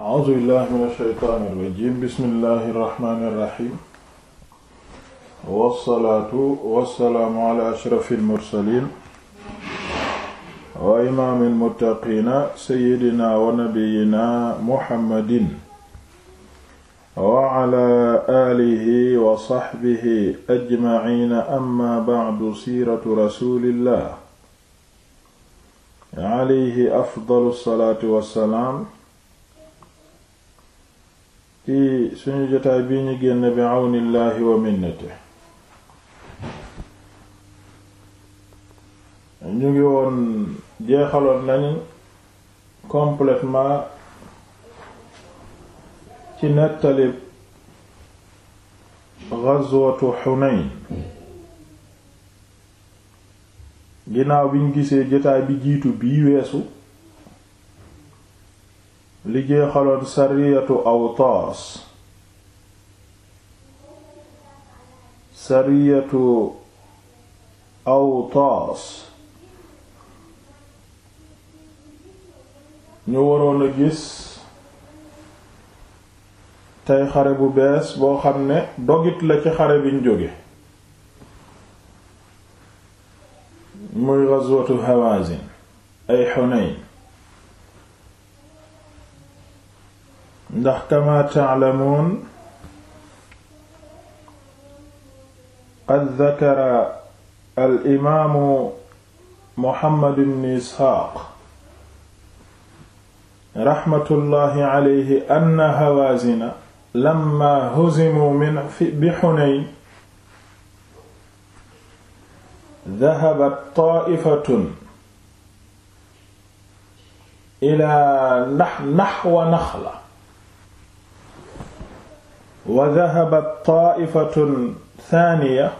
a'uuzu billahi min ash-shaytaani irrajim bismillahi irrahmani irrahim wassalaatu wassalaamu ala ashrafi almursalin wa imaami almuttaqiina sayyidina wa nabiyina muhammadin wa ala aalihi wa saxbihi ajmaciina amma bacdu siiratu rasulillah alayhi afdalu salaatu wassalaam ci suñu jotaay bii ñu génn bi àwnillaahi wa minnate ñu ngi woon jeexaloon nañu complètement ci nettalib ghazwatu Hunayn ginnaaw bi ñu gisee jotaay bi jiitu bii weesu li jeexaloon sariyatu awtaas sariyatu awtaas ñu waroon a gis tey xare bu bees boo xam ne dogit la ci xare biñ jóge muy ghazwatu Hawazin ay Hunayn ndax kama ta'lamuun qad dakara al imaamu Muhammad ibn Isxaaq raxmatullahi alayhi anna Hawaazina lamma huzimu min bi Xunayn dahabat taa'ifatun ilaa naxwa Naxla wa dahabat taa'ifatun thaaniya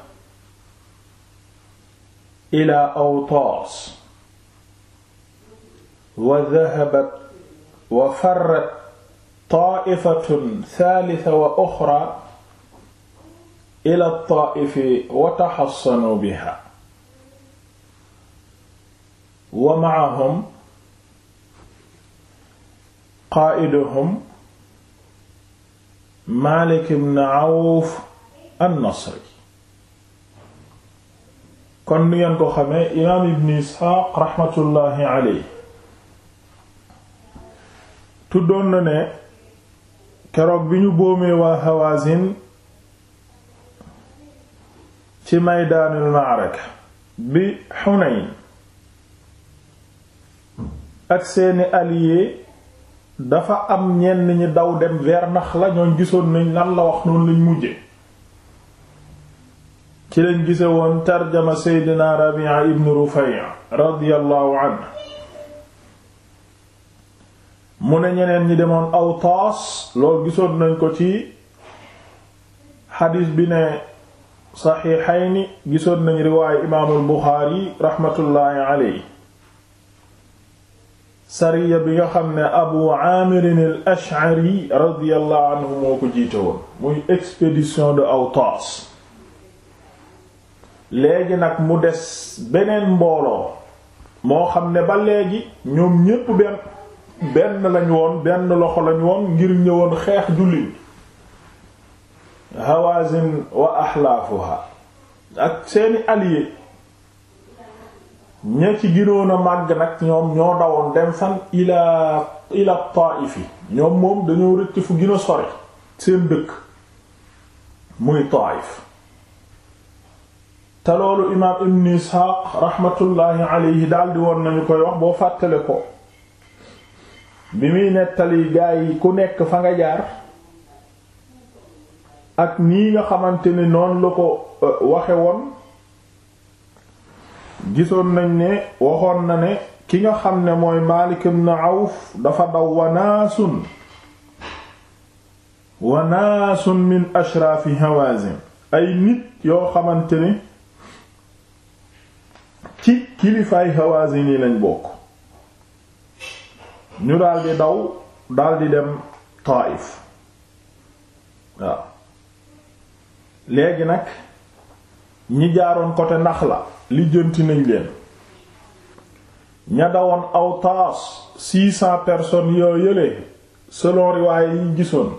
ilaa Awtaas wa dahabat wa farrat taa'ifatun thaalithatan wa uxraa ilaa Taa'ifi wa taxassanuu bihaa wa ma'ahum qaa'iduhum Malik ibn Awf an-Nasri kon ni ngeen ko xamee imaam ibn Isxaaq raxmatullaahi alayhi tuddoon na ne keroog bi ñu boomee waa Hawaazin ci maydaanul ma'raka bi Hunayn ak seeni alliés dafa am ñenn ñi daw dem vers Naxla ñooñ gisoon nañ lan la wax noonu lañ mujje ci lañ gise woon tarjama Seydina Rabi'a ibn Rufay' radiyallahu anhu mu ne ñeneen ñi demoon aw Awtaas loolu gisoon nañ ko ci xadiis bi ne saxiixayni gisoon nañ riwaayu imaamul Buxaari raxmatullaahi alayhi sariya bi nga xam ne abu aamirin al ash'ari radiyallahu anhu moo ko jiite woon muy expédition de Awtaas léegi nag mu des beneen mbooloo moo xam ne ba léegi ñoom ñépp benn benn woon benn loxo lañu woon ngir ñëwoon xeex jullit Hawazin wa ahlaafuha ak seeni alliés ña ci ginoon a màgg nag ñoom ñoo dawoon dem fan ila ila Taaif ñoom moom dañoo rëcc fu gën a seen dëkk muy Taaif te loolu imaam ibn Isxaaq raxmatullaahi alayhi daldi woon nañu koy wax boo fàttale ko bi muy nettali gaa yi ku nekk fa nga jaar ak nii nga xamante ni noonu la ko euh, waxe woon gisoon nañ ne waxoon na ne ki nga xam ne mooy Maalik ibn Awf dafa daw wanaasun wanaasun min ashraafi Hawaazin ay nit yoo xamante ni ci kilifaay Hawaazin yi lañ bokk ñu daldi daw daldi dem Taayif waaw léegi nag ñi jaaroon côté la lijjanti nañ leen ña aw Awtaas six cent personnes yoo yële selon riwaaye yiñ gisoon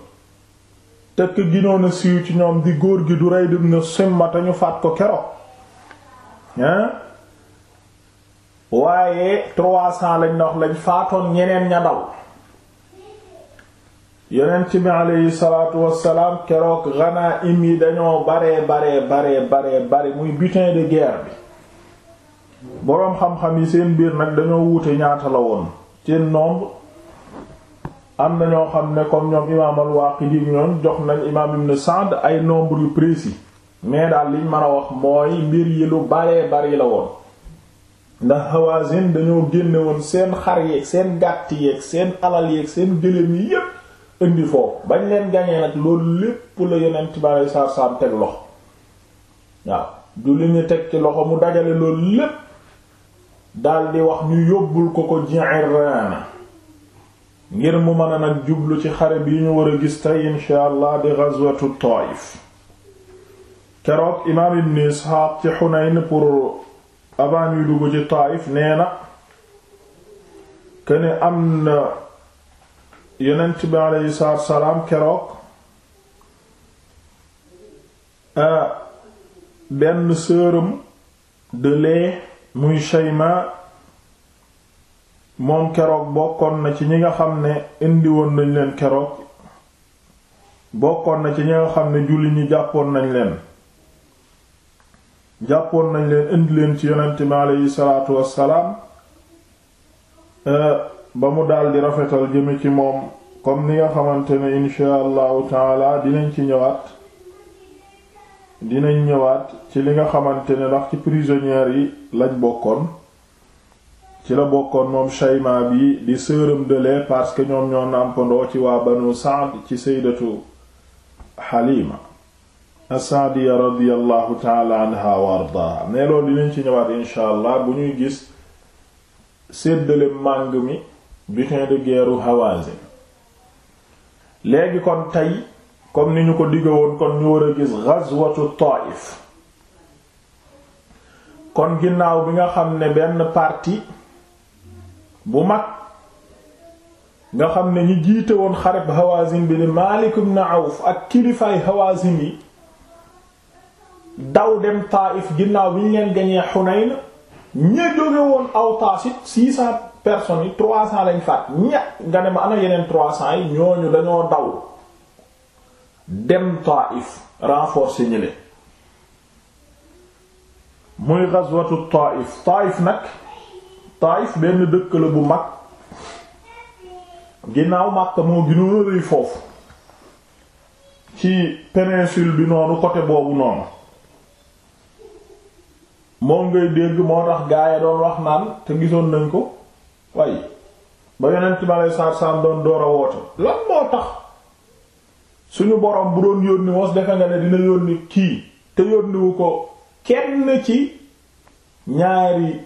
tëkk ginoon a siiw ci ñoom di góor gi du rey dum na simma te ñu faat ko keroog hein waaye trois cent lañ na wax lañ faatoon ñeneen ña daw yonent bi aleyhi wassalaam keroog ghanaaim yi dañoo bare bare bare bare bare muy butin de guerre bi boroom xam-xam yi seen biir nag dañoo wuute ñaata la woon seen nombre am na ñoo xam ne comme ñoom imaam al-Waaqidi ñoom jox nañ imaam Ibn Sa'd ay nombre yu précis mais daal liñ mën a wax mooy mbir yi lu baree bari la woon ndax Hawazin dañoo génne woon seen xar yeeg seen gàtt yeeg seen alal yeeg seen gëléem yi yépp indi foofu bañ leen gañee nag loolu lépp la yonent bari saar saam teg loxo waaw du li teg ci loxo mu dajale loolu lépp daldi wax ñu yóbbul ko ko Ji'irraana ngir mu mën nag jublu ci xare bi ñu war a gis tey insha allah di ghazwatu Taayif keroog imaam ibn Isxaaq ci Xunayn pour avant ñuy dugg ci Taayif nee kene am na yonent bi aleyhi salaatu salaam keroog ah, benn sërëm de lait muy Shayma moom keroog bokkoon na ci ñi nga xam ne indi woon nañ leen keroog bokkoon na ci ñi nga xam ne julli ñi jàppoon nañ leen jàppoon nañ leen indi leen ci yonent mi aleyhi salaatu wassalaam eh, ba mu daldi rafetal jëme ci moom comme ni nga xamante ne insha allahu taala dinañ ci ñëwaat dinañ ñëwaat ci li nga xamante ne ndax ci prisonnières yi lañ bokkoon ci la bokkoon moom Shayma bi di sœuram de lait parce que ñoom ñoo nàmpandoo ci waa Banu Sa'd ci sayyidatu Halima as-Sa'diya radiyallahu anha wa ardaha ne dinañ ci ñëwaat insha allah bu ñuy gis séddale màng mi butin de guerre Hawazin léegi kon tey comme ni ñu ko digga woon kon ñu war a gis ghazwatu Taif kon ginnaaw bi nga xam ne benn parti bu mag nga xam ne ñi jiite woon xareb Hawazin bi ni Malik ibn Auf ak kilifaay Hawazin yi daw dem Taif ginnaaw bi ñu leen gañee Hunayn ña jóge woon aw it six cent personnes yi trois cent lañ faat ña nga ne ma ana yeneen trois cent yi ñooñu dañoo daw dem Taif renforcer ñële muy ghazwatu Taif Taif nag Taif benn dëkk la bu mag ginnaaw Makka moo gënoon a rëy foofu ci péninsule bi noonu côté boobu noonu moom ngay dégg moo tax gaaya doon wax naan te gisoon nañ ko waaye ba yonent bi aleyhi salaatu doon door a woote lan moo tax suñu borom bu doon yónni mos defe nga ne dina yónni kii te yónniwu ko kenn ci ñaari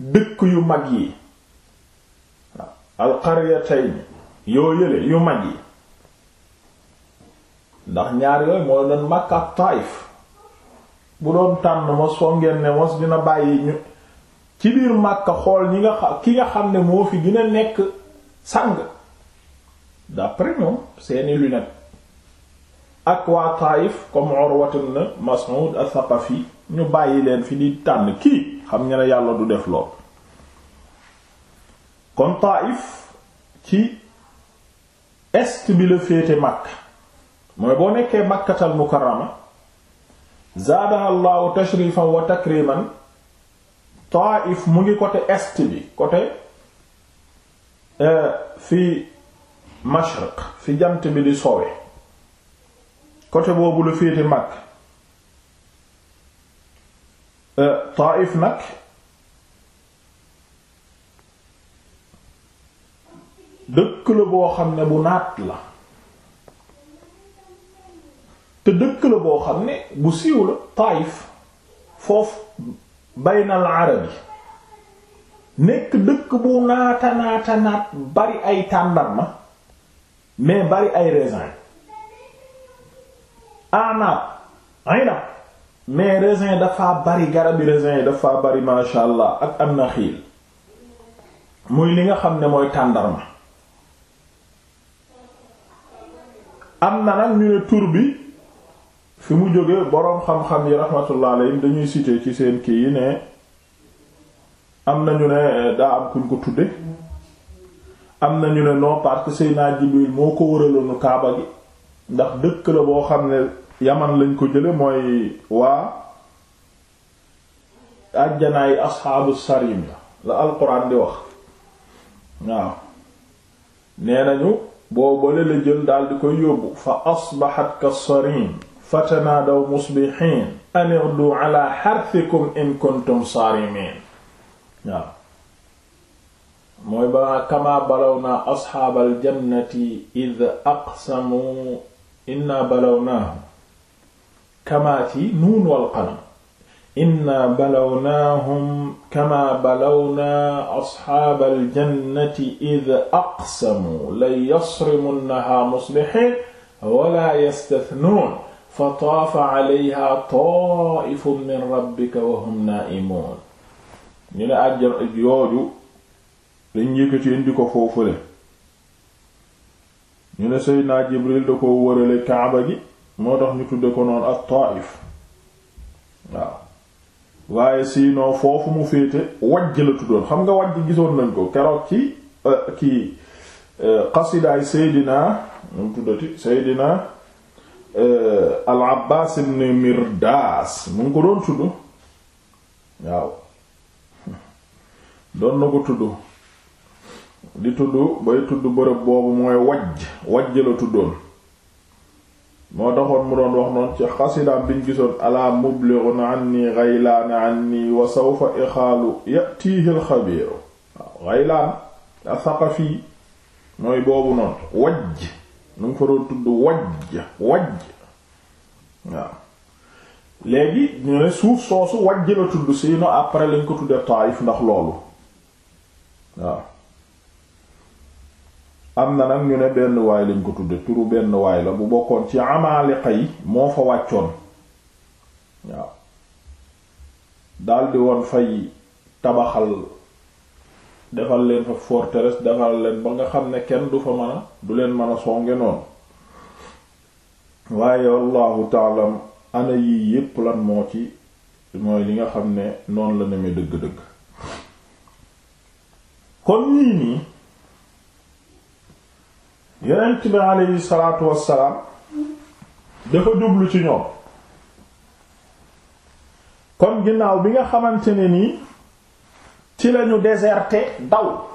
dëkk yu mag yi alqaryatayn yoo yële yu mag yi ndax ñaar yooyu moo doon Makka ak Taayif bu doon tànn ma foo ngeen ne mos dina bàyyi ci biir Makka xool ñi nga xam ki nga xam ne moo fi dina nekk sang d'après ñoom seeni lunettes ak waa Taayif comme Urwat ibn Mas'ud al ñu bàyyi leen fi di tànn kii xam nga ne yàlla du def lool kon Taayif ci est bi la féete Makka mooy boo nekkee Makkatal Mukarrama zaadaha llahu tashrifan wa takriman Taayif mu ngi côté est bi côté euh, fi mashriq fi jant bi di sowe côté boobu la féete mag euh, Taif nag dëkk la boo xam ne bu naat la te dëkk la boo xam ne bu siiw la Taif foofu baynal arabi nekk dëkk bu naata naata naat bari ay tàndarma mais bari ay raisin anaab ah, aynab mais raisin dafa bari garabi raisin yi dafa bari masha allah ak am na xiil muy li nga xam ne mooy tàndarma am na nag ñu ne tur bi fi mu jóge boroom xam-xam yi rahmatullah dañuy citer ci seen kii yi ne am na ñu ne eh, daa am kuñ ko tudde am na ñu ne non parce que Seydina Jibril moo ko wëraloonu Kaaba gi ndax dëkk la boo xam ne yaman lañ ko jële mooy waa àjjanaay asxaabu sarim la la alquran di wax waaw nee nañu boobale la jël daal di koy yóbbu fa asbaxat ka sarim fatanaadaw musbixiin anirdu ala xarthikum in kuntum sarimin mooy ba kamaa balaw naa asxaabal jannati id aqsamu inna balawnaahu kamaa ci nuun wal qalam inna balawnaahum kamaa balawnaa asxaabal jannati id aqsamuu la yasrimunnahaa muslixiin wala yastathnuun fa taafa calayhaa taa'ifun min rabbika wa hum naa'imuun ñu ne àjjana jooju dañ yëkkati indi ko foofule ñu ne Seydina Jibril da ko wërale Kaaba gi moo tax ñu tudde ko noonu ak Taif waaw waaye sinon foofu mu féete wajj la tuddoon xam nga wajj gisoon nañ ko keroog ci euh, kii xasidaay euh, Seydina mu tuddati Seydina euh, al Abbaas ibn Mirdaas mu ngi ko doon tudd waaw doon na ko tudd di tudd bay tudd bërëb boobu mooy wajj wajj la tuddoon moo taxoon mu doon wax noonu ci xasidaam biñ gisoon alaa mublighun anni ghaylaan anni wa sawfa ixaalu yatiihi alxabiiru waaw ghaylaan asaqafi mooy boobu noonu wajj nu ngi fa doon tudd wajj wajj waaw léegi ñu ne suuf soosu wajj la tudd sinon après lañ ko tudde Taayif ndax loolu waaw am na nag ñu ne benn waay lañ ko tudde turu benn waay la bu bokkoon ci amaaliqa xay moo fa wàccoon waaw daldi woon fay tabaxal defal leen fa forteresse defal leen ba nga xam ne kenn du fa mën a du leen mën a songe noonu waaye wallahu taalam ana yii yépp lan moo ci mooy li nga xam ne noonu la neme dëgg-dëgg kon nii nii yonent bi aleyhi salaatu wassalaam dafa jublu ci ñoom kon ginnaaw bi nga xamante ne nii ci lañu déserté daw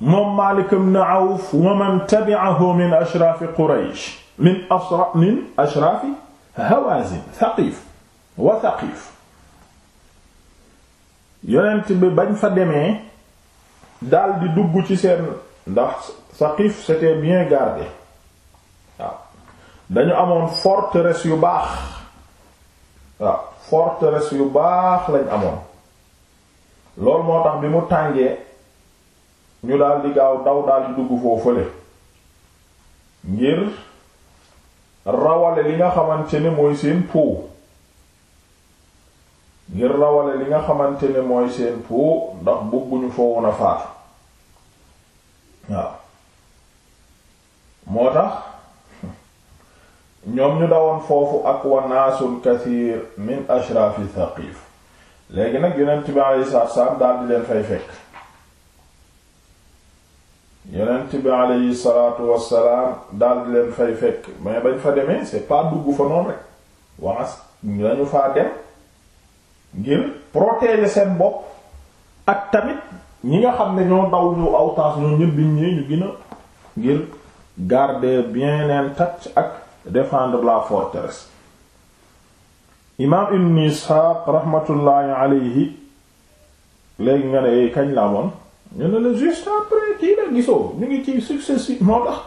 moom Maalik ibn Awf wa man tabi'ahu min ashraafi Quraysh min asra min ashraafi Hawaazin Saqiif wa Saqiif yonent bi bañ fa demee daldi dugg ci seen ndax Saqif c'était bien gardé waaw dañu amoon forteresse yu baax waaw forteresse yu baax lañ amoon loolu moo tax bi mu tàngee ñu daal di gaaw daw daal di dugg foofu fële ngir rawale li nga xamante ne mooy seen po ngir rawale li nga xamante ne mooy seen po ndax bëgguñu foo woon a faatu waaw moo tax ñoom ñu dawoon foofu ak wa naasun kathir min ashraafi thaqif léegi nag yonent bi alayhi salaatu salaam daal di leen fay fekk yonent bi alayhi salaatu wassalaam daal di leen fay fekk mais bañ fa demee c'est pas dugg fa noonu rek waas lañu faa dem ngir protéger seen bopp ak tamit ñi nga xam ne ñoo daw ñëw Awtaas ñoo ñëpp biñ ñu gën a ngir garder bien ak défendre la forteresse imaam Ibn Isxaaq raxmatullaahi alayhi léegi nga ne eh, kañ la amoon ñu la juste après kii la gisoo ñu ngi ci successif moo tax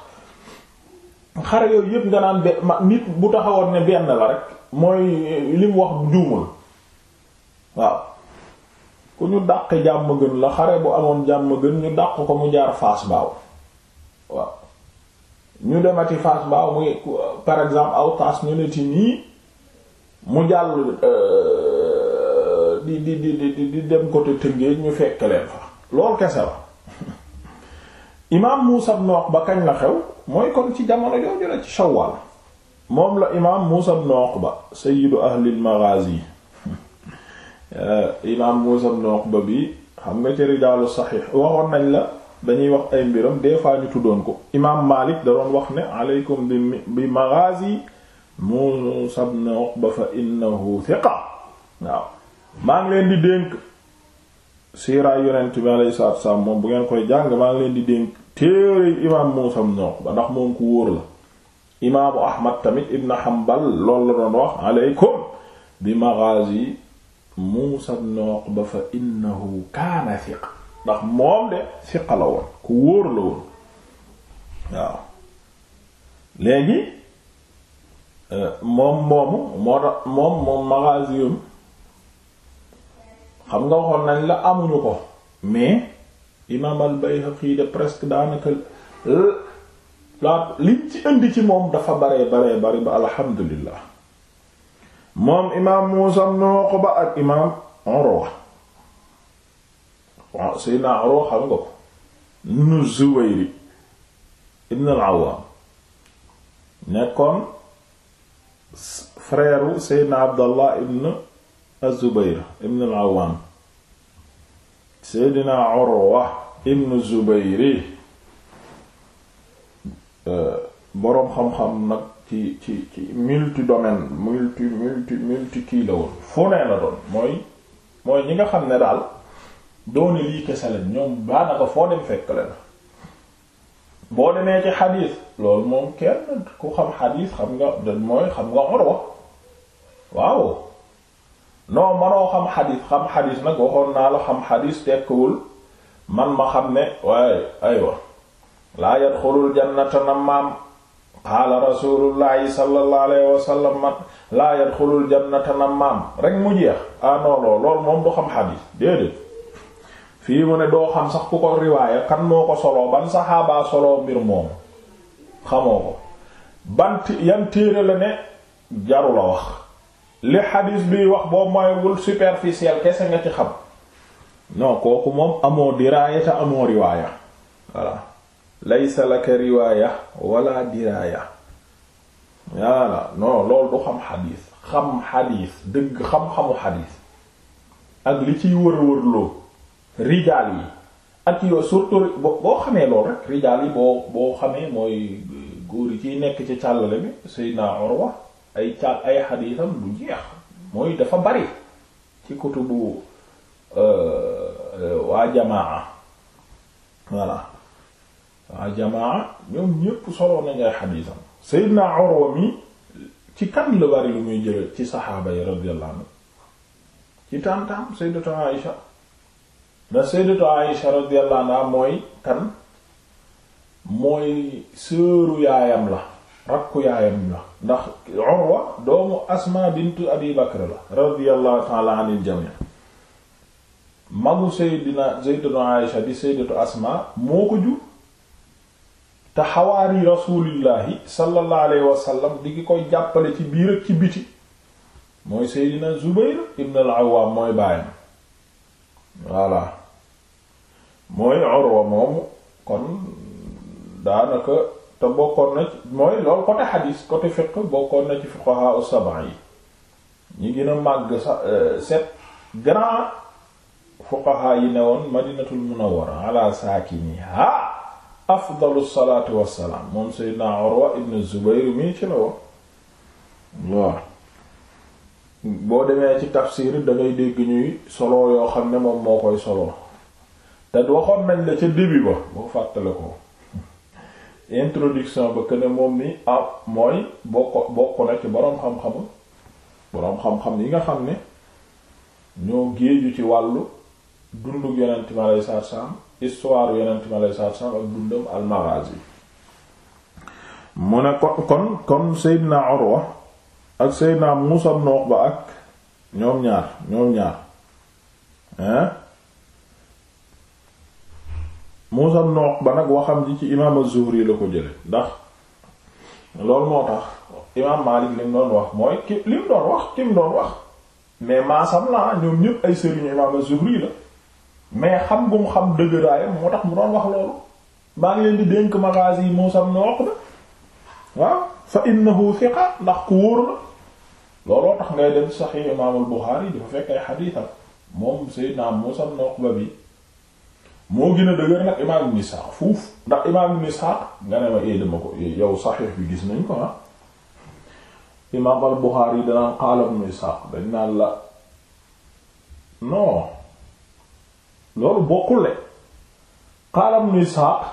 xare yooyu yëpp nga naan ma nit bu taxawoon ne benn la rek mooy eh, li mu wax juumul waaw ku ñu dàq jàmm gën la xare bu amoon jàmm gën ñu dàq ko mu jaar Fass Mbao waaw ñu demati Fass Mbao muy par exemple aw taas ñu neti nii mu jàll euh, di di di di dem côté Tëngéej ñu fekk leen fa lool kese la imaam Muusa ibn Uqba kañ la xew mooy kon ci jamono jooju la ci Shawwal moom la imaam Muusa ibn Uqba sayyidu ahlil maghazi Eh, imaam Muusaa ibn Uqba bi xam nga ci rijaalu saxiix waxoon nañ la dañuy wax ay mbiram des fois ñu tuddoon ko imaam Maalik da doon wax ne aleykum bi bi maa ngi leen di dénk siiraay yonent bi alayhi salaatu wa salaam bu ngeen koy jàng maa ngi leen di dénk téere imaam Muusaa ibn Uqba ndax moom Ahmad tamit Ibn Hanbal loolu la doon wax aleykum bi maghaazi Muusa ibn Uqba fa innahu kaana thiqa ndax moom de thiqa la woon ku wóor la woon waaw léegi moom moomu moom moom xam nga waxoon nañ la amuñu ko mais imaam al-Bayhaqi de presque daanaka la liñ ci indi ci moom dafa baree bare bari ba alhamdulillah moom imaam Muusa ibn Uqba ak imaam Urwa waaw Seydina Urwa xam nga ko ibn Zubayr ibn al-Awwam nekkoon frère Seydina Abdallah ibn az-Zubayr ibn al-Awwam Seydina Urwa ibn Zubayr eh, boroom xam-xam nag ci ci ci multi domaine multi multi multi kii la woon fu nee la doon mooy mooy ñi nga xam ne daal doone lii kese leen ñoom daanaka foo dem fekk leen boo demee ci xadiis loolu moom kenn ku xam xadiis xam nga mooy xam nga Urwa waaw non manoo xam xadiis xam xadiis nag waxoon naa la xam xadiis tekkiwul man ma xam ne waaye aywa laa yadxulul jannata nammaam qaala rasulullahi sallallahu alayhi wa sallam man laa yadxulul rek mu jeex ah non non loolu moom du xam xadiis déedéet fii mu ne doo xam sax ku ko riwaaya kan moo ko soloo ban saxaabaa soloo mbir moomu xamoo ko ban yan téere la ne jaru wax li xadiis biy wax boo moywul superficiel kese nga ci xam non kooku moom amoo diraaya te amoo riwaaya voilà laysa laka riwaaya wala diraaya waala non loolu du xam xadiis xam xadiis dëgg xam-xamu xadiis ak li ciy wër-wërloo rijaal yi ak yoo surtout boo xamee loolu rek rijaal yi boo boo xamee mooy euh, góor yi ciy nekk ci càllale bi Seydina Urwa ay càll ay xadiisam du jeex mooy dafa bari ci kutubu euh, euh, waa jamaa voilà waa ah, jamaa ñoom ñépp solo nañ ay xadiisam Seydina Urwa mi ci kan la bari lu muy jële ci saxaaba yi radiyallahu ci taam-taam Sayyidatu Aïsha da Sayyidatu Aïsha radiyallahu anha mooy kan mooy sëru yaayam la rakku yaayam la ndax Urwa doomu Asma bintu Abi Bakr la radiyallahu ta'ala anil jami' magu Sayyidina Sayyidatu Aïsha di Sayyidatu Asma moo ko jur te xawaari rasulillahi sallallahu alayhi wa di ki koy jàppale ci biir ak ci biti mooy Seydina Zubayr ibn al-Awwam mooy bàyyam voilà mooy Urwa moomu kon daanaka te bokkoon na mooy loolu côté xadiis côté fiqh bokkoon na ci fuqaha as yi ñi gën a màgg sa euh, set grand fuqaha yi ne woon Madinatul Munawwara ala saakiniha afdalu salaatu wassalaam moom seydina Urwa ibn Zubayr mii ci la woon waaw boo demee ci tafsir da ngay dégg ñuy solo yoo xam ne moom moo koy solo te waxoon nañ la ca début ba boo fàttale ko introduction ba que moom ni ah mooy bokk bokk na ci boroom xam-xamu boroom xam-xam yi nga xam ne ñoo géeju ci wàllu dundu yonent mi alayhi salaam histoire yonent mi alayhi salaatu salaam ak dundam al-Maghazi mu ne kon kon kon Seydina Urwa ak Seydina Muusaa ibn Uqba ak ñoom ñaar ñoom ñaar hein Muusaa ibn Uqba nag waxam ji ci imaam az-Zuhri la ko jële ndax loolu moo tax imaam Maalik li doon wax mooy ki li doon wax ki doon wax mais maasam la ñoom ñëpp ay sëriñu imaam az-Zuhri la mais xam bu mu xam dëgëraayam moo tax mu doon wax loolu maa ngi leen di dénk magaasi Muusaa ibn Uqba waaw fa innahu thiqa ndax ku wóor la looloo tax ngay dem Sahih Imaamul Buxaari dafa fekk ay xadiisam moom Seydina Muusaa ibn Uqba bi moo gën a dëgër nag Imaam Ibn Isxaaq fuuf ndax Imaam Ibn sax nga ne ma ee dama ko yow Sahih bi gis nañ ko ah Imaam al Buxaari danaan qaala Ibn Isxaaq dañ naan la non. loolu bokkul de qaala ibnu Isxaaq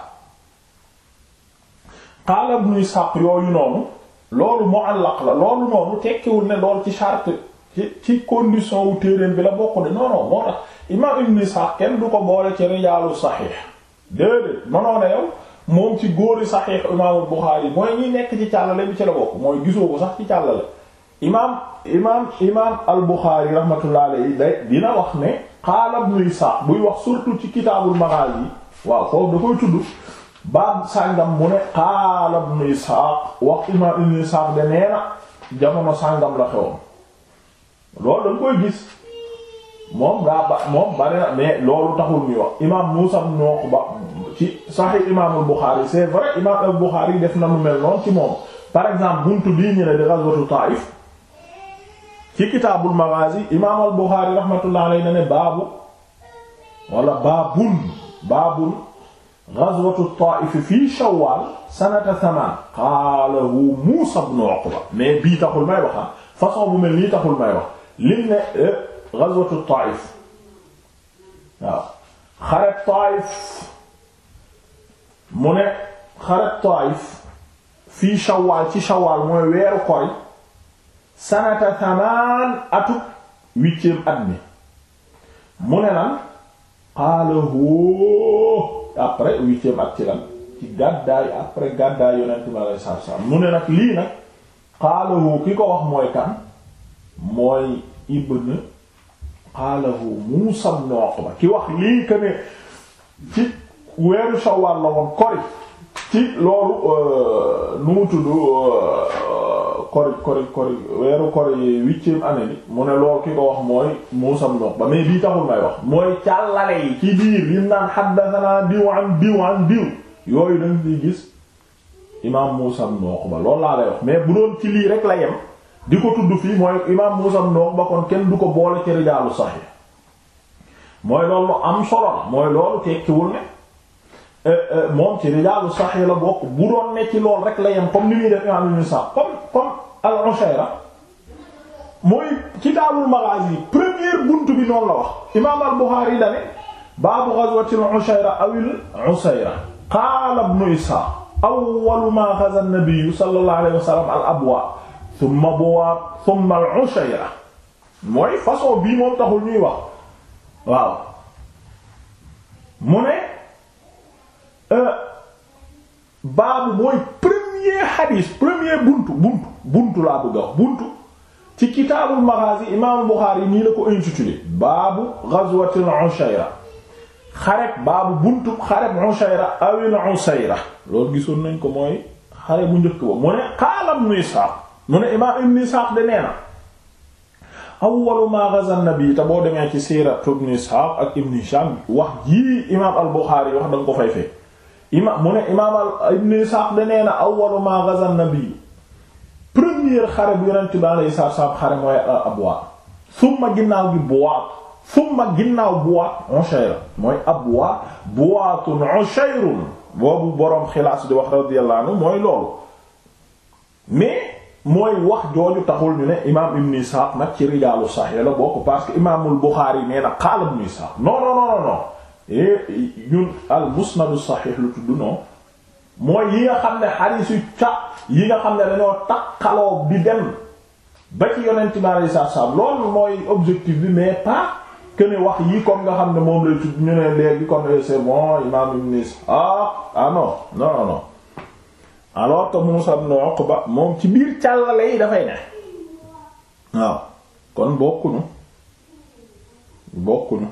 qaala ibnu Isxaaq yooyu noonu loolu moo muallaq la loolu noonu tekkiwul ne loolu ci charte ci ci condition wu téeréen bi la bokk de non non moo tax imaam ibnu Isxaaq kenn du ko boole ci rijaalu saxiix déedéet mënoon na yow moom ci góori saxiix imaamul Buxaari mooy ñi nekk ci càllale bi ci la bokk mooy gisoo ko sax ci càllale imaam imaam imaam al Buxaari rahmatullahi day dina wax ne. qaala ibnu Isaaq buy wax surtout ci kitaabul Maghaazi waaw foofu da koy tudd baab sàngam mu ne qaala ibnu Isaaq wax imaam ibnu Isaaq de nee na sàngam la xewoon loolu da nga koy gis moom daa ba moom bari na mais loolu taxul ñuy wax imaam Muusaa ibnu Uqba ci Sahih imaamul Buxaari c'est vrai imaam def na lu mel noonu ci moom par exemple bunt bii ñu ne di ghazwatu Taayif ci kitaabul maghazi imaam al buxaari rahmatullahi alayhi na ne baabu wala baabun baabun ghazwatu taa'if fii shawwal sanata thamaan qaalahu muusa ibn uqba mais bii taxul may waxa ah. façon bu mel nii taxul may wax lim ne eh, ghazwatu taa'if waaw xare taa'if mu ne xare taa'if fii shawwal ci shawwal mooy weeru koy sanata thamaan atub huitième at mi mu ne lan xaala hóo après huitième at ci gàddaay après gàddaay yonent bi alei satu salaam mu ne nag lii nag xaala hóo ki ko wax mooy kan mooy ibn xaala hóo Muusa ibn Uqba ki wax lii que ci weeru Shawwal la woon kori ci loolu euh, nu mu tudd euh, kori kori kori weeru kori huitième année bi mu ne lool ki ko wax mooy muusam nox ba mais bii taxul may wax mooy càllale yi ci biir yi naan xaddasanaa diw an diw diw yooyu dañ ciy gis imaam muusam nox ba la yem di kon kenn du ko boole ci rijaalu saxiix mooy loolu am solo la mooy loolu tekkiwul ne eh, eh, moom ci rijaalu saxiix la bokk bu doon ne lool rek la yem comme ni muy def imaam ibn Sa'd comme comme al-Ushayra mooy kitaabul Maghaazi première buntu bi noonu la wax imaam al-Buxaari dane baabu ghazwatil Ushayra awil Usayra qaala ibnu Isxaaq awwalu maa ghaza an-nabiyyu sallallahu alayhi wa sallam al-abwaa thumma buwaat thumma al-Ushayra mooy façon bii moom taxul ñuy wax waaw mu ne euh, baabu mooy premier hadith premier buntu buntu buntu laa bëgg a wax buntu ci nii la ko intitulé baabu ghazwatil Ushayra xareb baabu buntu xareb Ushayra awil Usayra loolu gisoon nañ ko mooy xare bu njëkk ba mu ne qaala Ibn Ishaq mu ne imaam Ibn Ishaq de nee na awwalu ma ghaza nabi te boo demee ci siiratu Ibn Ishaq ak Ibn Hisham wax jii imaam al-Bukhari wax da ko fee ima mu ne imaam ibn Isaaq da nee na awwalu ma ghaza an-nabi première xare bu yonent bi alayhi salaatu wa salaam xare mooy euh, Abwa summa ginnaaw gi Buwaat summa ginnaaw Buwaat Ushayra mooy Abwa Buwaatun Ushayrun boobu boroom xilaas wax radiyallahu anhu mooy loolu mais mooy wax jooju taxul ñu ne imaam ibn Isaaq nag ci rijaalu Sahih la bokk parce que imaamul Buxaari nee na qaala ibn Isaaq non non ñun al musnadu saxiix lu tudd non mooy yi nga xam ne xadiis yu ca yi nga xam ne dañoo takkaloo bi dem ba ci yonent bi alayhi salaam loolu mooy objectif bi mais pas que wax yi comme nga xam ne moom la tudd ñu ne léegi kon eh, c'est bon imaam ibn Ishaq ah non non non alors que Muusaa ibn Uqba moom ci biir càllale yi dafay ne waaw kon bokkuñu bokkuñu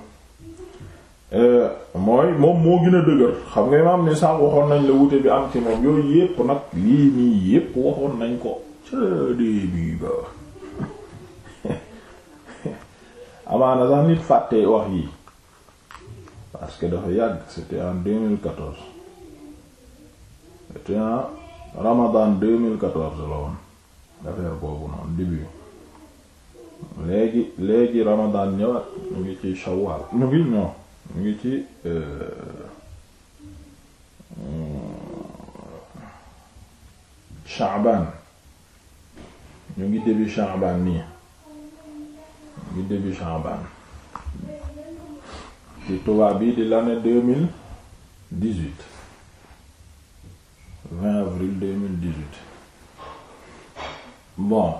Euh, mooy moom moo gën a dëgër xam nga imaam ni sax waxoon nañ la wute bi am ci moom yooyu yépp nag lii nii yépp waxoon nañ ko ca début ba amaana sax nit fàtte wax yi parce que dafa yàgg c'était en 2014 c'était en Ramadan 2014 la woon affaire boobu noonu début léegi léegi Ramadan ñëwaat ñu ngi ci Shawwal ñu ngi ñoo mu ngi ci Sha'ban euh, ñu ngi début Sha'ban nii ñu ngi début Sha'ban ci tubaab bi di l'année de mille dix-huit vingt avril deux mille dix-huit bon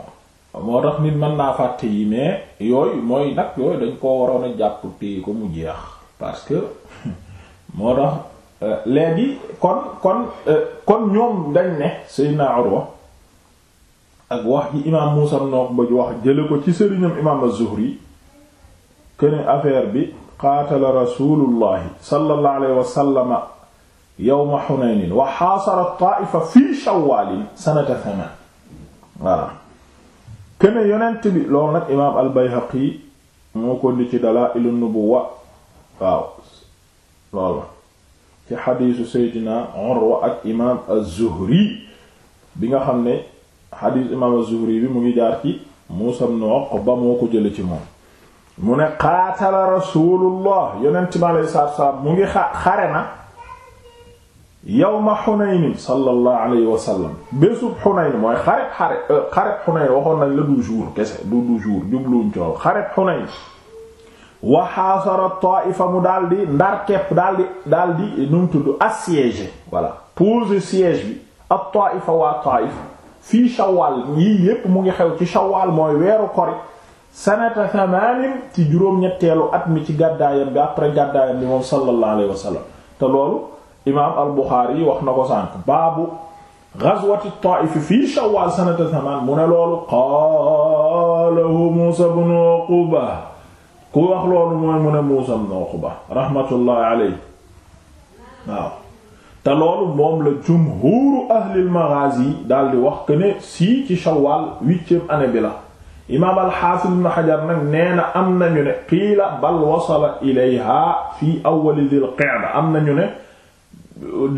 moo tax nit mën naa fàtte yi mais yooyu mooy nag yooyu dañ koo waroon a jàpp téye ko mu jeex. parce que moo tax euh, léegi kon euh, kon ñoom dañ ne Seydina Urwa ak wax ji imaam Muusa ibn Uqba wax jële ko ci sëriñam imaam az-Zuhri këne affaire bi qaatala rasulullahi sallallahu alayhi wa sallama yawma Hunayn wa haasara taa'ifa fii Shawwal sanata thaman voilà yonent bi loolu imaam al-Bayhaqi moo ko ndi ci Dalaa'ilun Nubuwwa waaw loolu ci xadiisu seydina Urwa ak imaam az bi nga xam ne xadiis imaam az bi mu ngi jaar ci Muusaa ibn ba moo ko jële ci moom mu ne qaatala rasulullah yonent bi alayhi salaatu salaam mu ngi xare na yawma Hunayn sallallahu alayhi wa sallam bésub Hunayn mooy xareb xare xareb euh, Hunayn waxoon nañ la du jour kese du du jour jubluuñ waxaasara taifa mu daal di ndar kepp daal di daal di nu tudd assiégé voilà pose siège bi ak waa taif fii shawal yii yépp mu ngi xew ci shawal mooy weeru kori sanata thamanin ci juróom-ñetteelu at mi ci gàddaayam bi après gàddaayam bi moom sallallahu alayhi wa sallam wax na ko sànq baabu ghazwati taif fii shawal sanata thaman mu ne loolu qaalahu Muusaa ibn Uqba ku wax loolu mooy mu ne Muusaa ibn Uqba rahmatullahi alayhi waaw te loolu moom la jumhuuru ahlil maghazi daal di wax que ne sii ci Shawwal huitième année bi la imaam al-Hafiz ibn Hajar nag nee na am nañu ne qiila bal wasala ilayha fi awwal dhil qa'da am nañu ne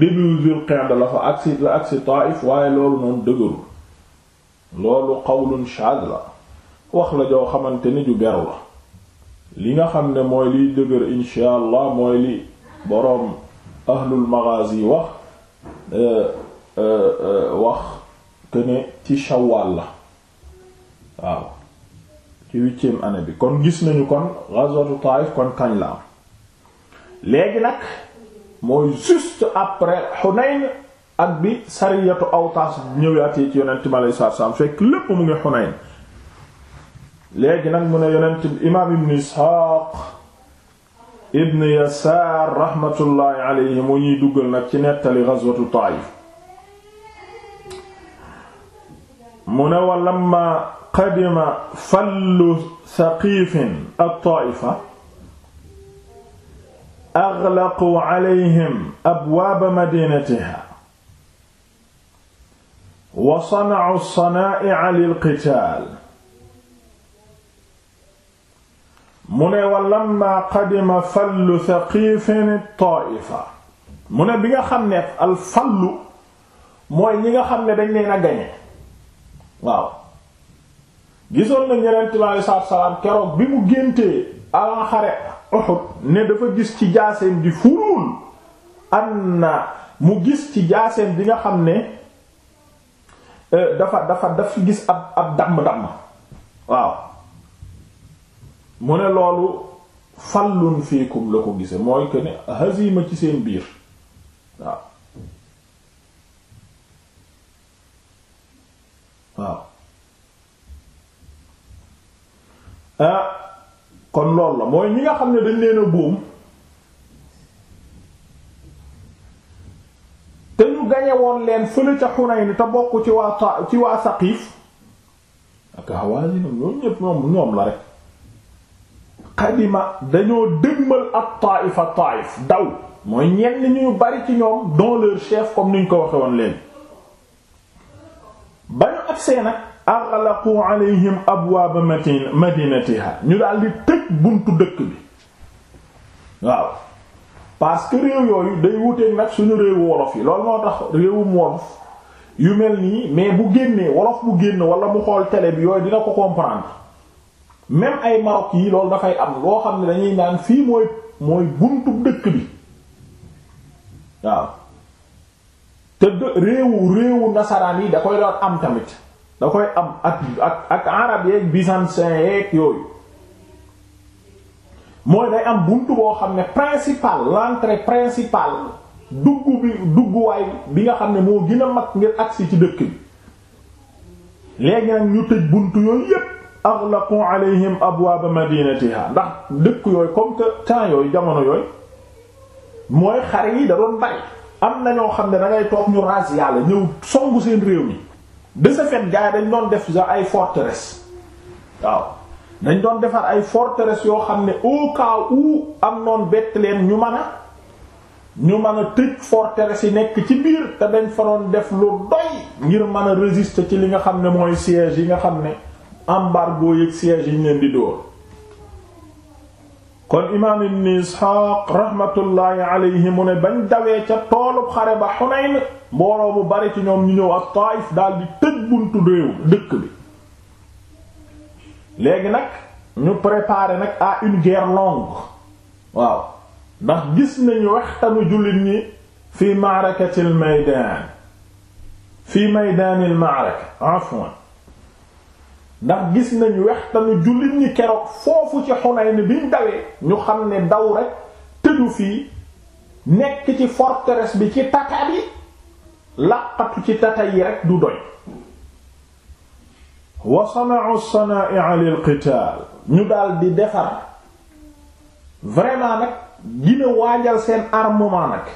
début dhil qa'da la fa agsi la agsi Taif waaye loolu noonu dëgërul loolu qawlun shadh la wax la joo xamante ni ju beru la li nga xam ne mooy liy dëgër insha allah mooy li boroom ahlul maghazi wax euh, euh, wax que ne ci shawwal la waaw ci huitième année bi kon gis nañu kon ghazwatu Taif kon kañ la am léegi nag mooy juste après Hunayn ak bi sariyatu Awtas ñëwaatee ci yonent mi alayhi salaam fekk lépp mu ngi Hunayn léegi nag mu ne yonent imaam ibn isxaaq ibn yasaar raxmatullaahi alayhi mu ñuy duggal nag ci nettali gazwatu taayif mu ne wa lamma qadima fallu saqiifin at-taa'ifa aghlaqu alayhim abwaaba madiinatihaa wa sana'u sanaa'i'a lil qitaal mu ne wa lamma qadima fallu thaqifin taifa mu ne bi nga xam ne al fallu mooy ñi nga xam ne dañ leen a gañe waaw gisoon nañ Yonent bi alayhi salaatu salaam keroog bi mu géntee ala xare Uhud ne dafa gis ci jaaseem di furuul anna mu gis ci jaaseem bi nga xam ne eh, dafa dafa dafa gis ab ab damm damm waaw mu ne loolu fallun fiikum la ko gise mooy que ne hazima ci seen biir waaw waaw ah kon loolu la mooy ñi nga xam ne dañ leen a buum te ñu gañe leen fële ca Hunayn te bokk ci waa ci waa Saqif ak Hawazin ñoom ñépp ñoom ñoom la rek qadima dañoo dëgmal ak taifa taif daw mooy ñenn ñuy bari ci ñoom dont leur chef comme niñ ko waxe woon leen ba ñu agsee nag aghlaqu alayhim abwaaba madinatiha ñu daal di tëj buntu dëkk bi waaw parce que réew yooyu day wuteeg nag suñu réewu wolof yi loolu moo tax réewum wolof yu mel nii mais bu génnee wolof bu génn wala mu xool télé bi yooyu dina ko comprendre même ay Maroc yi loolu dafay am loo xam ne dañuy naan fii mooy mooy buntu dëkk bi waaw te réewu réewu nasaraan yi da koy doon am tamit da koy am ak ak ak arab yeeg byzantin yeeg yooyu mooy day am buntu boo xam ne principal l'entrée principale dugg bi dugguwaay bi nga xam ne moo gën a mag ngir agsi ci dëkk bi léegi nag ñu tëj buntu yooyu yépp aghlaqu alayhim abwaaba madinatiha ndax dëkk yooyu comme que temps yooyu jamono yooyu mooy xare yi da doon bari am na ñoo xam ne dangay ngay toog ñu ras yàlla ñëw songu seen réew mi de ce fait gars yi dañ doon def sa ay forteresse waaw dañ doon defar ay forteresse yoo xam ne au cas où am noon bett leen ñu mën a ñu mën a tëj forteresse yi nekk ci biir te dañ fa doon def lu doy ngir mën a résister ci li nga xam ne mooy siège yi nga xam ne embargo yeeg siège yi ñu leen di dóor kon imaam ibn Isxaaq rahmatullahi mu ne bañ dawee ca toolub xare ba Xunayn mbooloo bu bari ci ñoom ñu ñëw ak Taayif daal di tëj buntu dëkk bi léegi nag ñu préparer nag à une guerre longue waaw ndax gis nañu waxtanu jullit ñi fi ma'rakatil maydaan fi maydaanil ma'raka afwan ndax gis nañu wextanu jullit ñi keroog foofu ci Hunayn biñ dawee ñu xam ne daw rek tëju fii nekk ci forteresse bi ci tata yi laqatu ci tata yi rek du doy wa sana'u lil qital ñu daldi defar vraiment nag dina waajal seen armement nag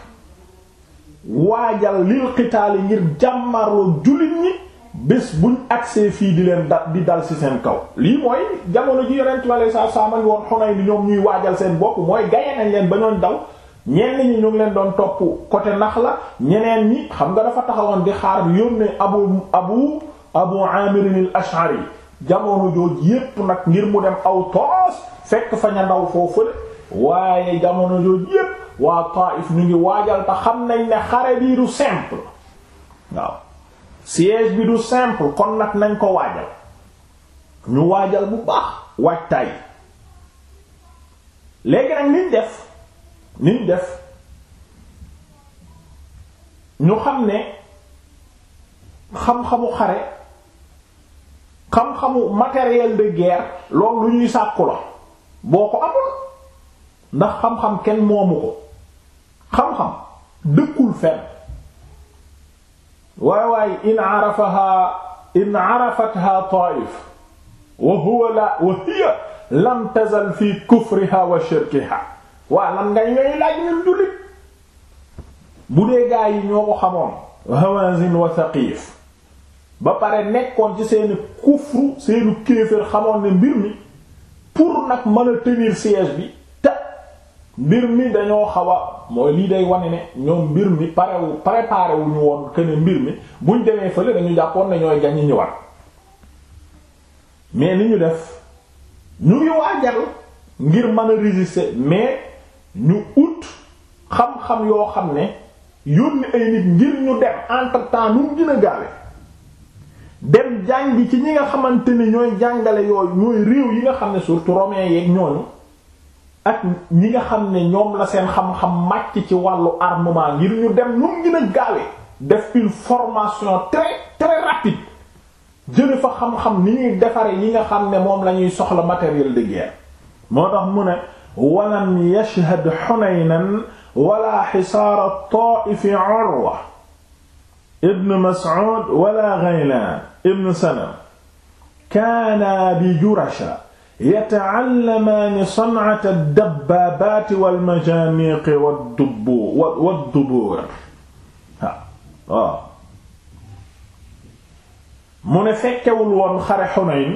waajal lil qital ngir jàmmaroo jullit ñi bés bu buñ agsee fii di leen da di dal si seen kaw lii mooy jamono ji yonent saa alei satu salaam ak woon xonay ni ñoom ñuy waajal seen bopp mooy gaye nañ leen ba ñoon daw ñenn ñi ñu ngi leen doon topp nax la ñeneen ñi xam nga dafa taxawoon di xaar yónnee abu abu abu Amir al-Ash'ari jamono jooj yépp nag ngir mu dem aw toos fekk fa ña ndaw foofu waaye jamono jooj yépp waa Taif ñu ngi waajal te xam nañ ne xare bii du waaw siège bi du simple kon nag nañ ko waajal ñu waajal bu baax waajtaay léegi nag niñ def niñ ñu xam ne xam-xamu xare xam-xamu matériel de guerre loolu lu ñuy sàkku la boo ko amul ndax xam-xam kenn moomu ko xam-xam dëkkul fenn waay waay in arafaha in arafatha taif wa huwa la wa hiya lam tazal fi kufriha wa shirkiha waa lan ngay ngay laaj ñun jullit bu dee gaa yi ñoo ko xamoon hawazin wa thaqif ba pare nekkoon ci seeni kufru seeni kéefër xamoon ne mbir mi pour nag mën a bi mbir mi dañoo xaw a mooy lii day wane ne ñoom mbir mi parewu préparé woon que ne mbir mi buñ demee fële dañu jàppoon ne ñooy gañi ñu war mais li ñu def ñu ngi waajal ngir mën a résister mais ñu ut xam-xam yoo xam ne yónni ay nit ngir ñu dem entre temps nu mu gën a gaawe dem jàngi ci ñi nga xamante ni ñooy jàngale yooyu ñooy réew yi nga xam ne surtout romain yeeg ñooñu ak ñi nga xam ne ñoom la seen xam-xam màcc ci wàllu armement ngir ñu dem nu mu gën a def une formation très très jële fa xam-xam ni ñuy defare ñi nga xam ne moom lañuy soxla matériel de guerre moo tax mu ne walam yashhad xunaynan wala xisaara taifi urwa ibn mas'ud wala ghaylan ibn sanam kaana bi jurasha yata'allamaani san'ata ad-dabbaabaati wal majaaniiqi wad-dubuur waaw mu ne fekkewul woon xare Xunayn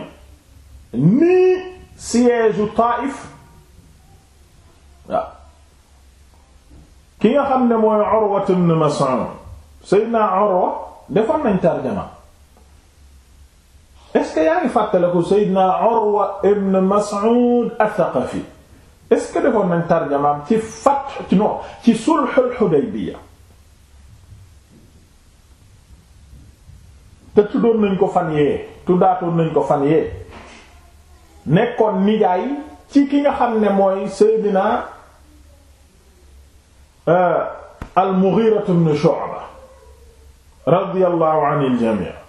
nii siège Taayif waaw ki nga xam ne mooy Urwa ibn Mas'uud Seydina Urwa defoon nañ tarjama est-ce que yaa ngi fàttaliku Seydina Urwa ibn Mas'ud Ath-Thaqafi est-ce que defoon nañ tarjamaam ci fath ci non ci sulhul Hudaybiya te tuddoon nañ ko fan yee tuddaatoon nañ ko fan yee nekkoon nijaay ci ki nga xam ne mooy Seydina euh, al-Mughira ibn Shu'ba radiyallahu anil jami'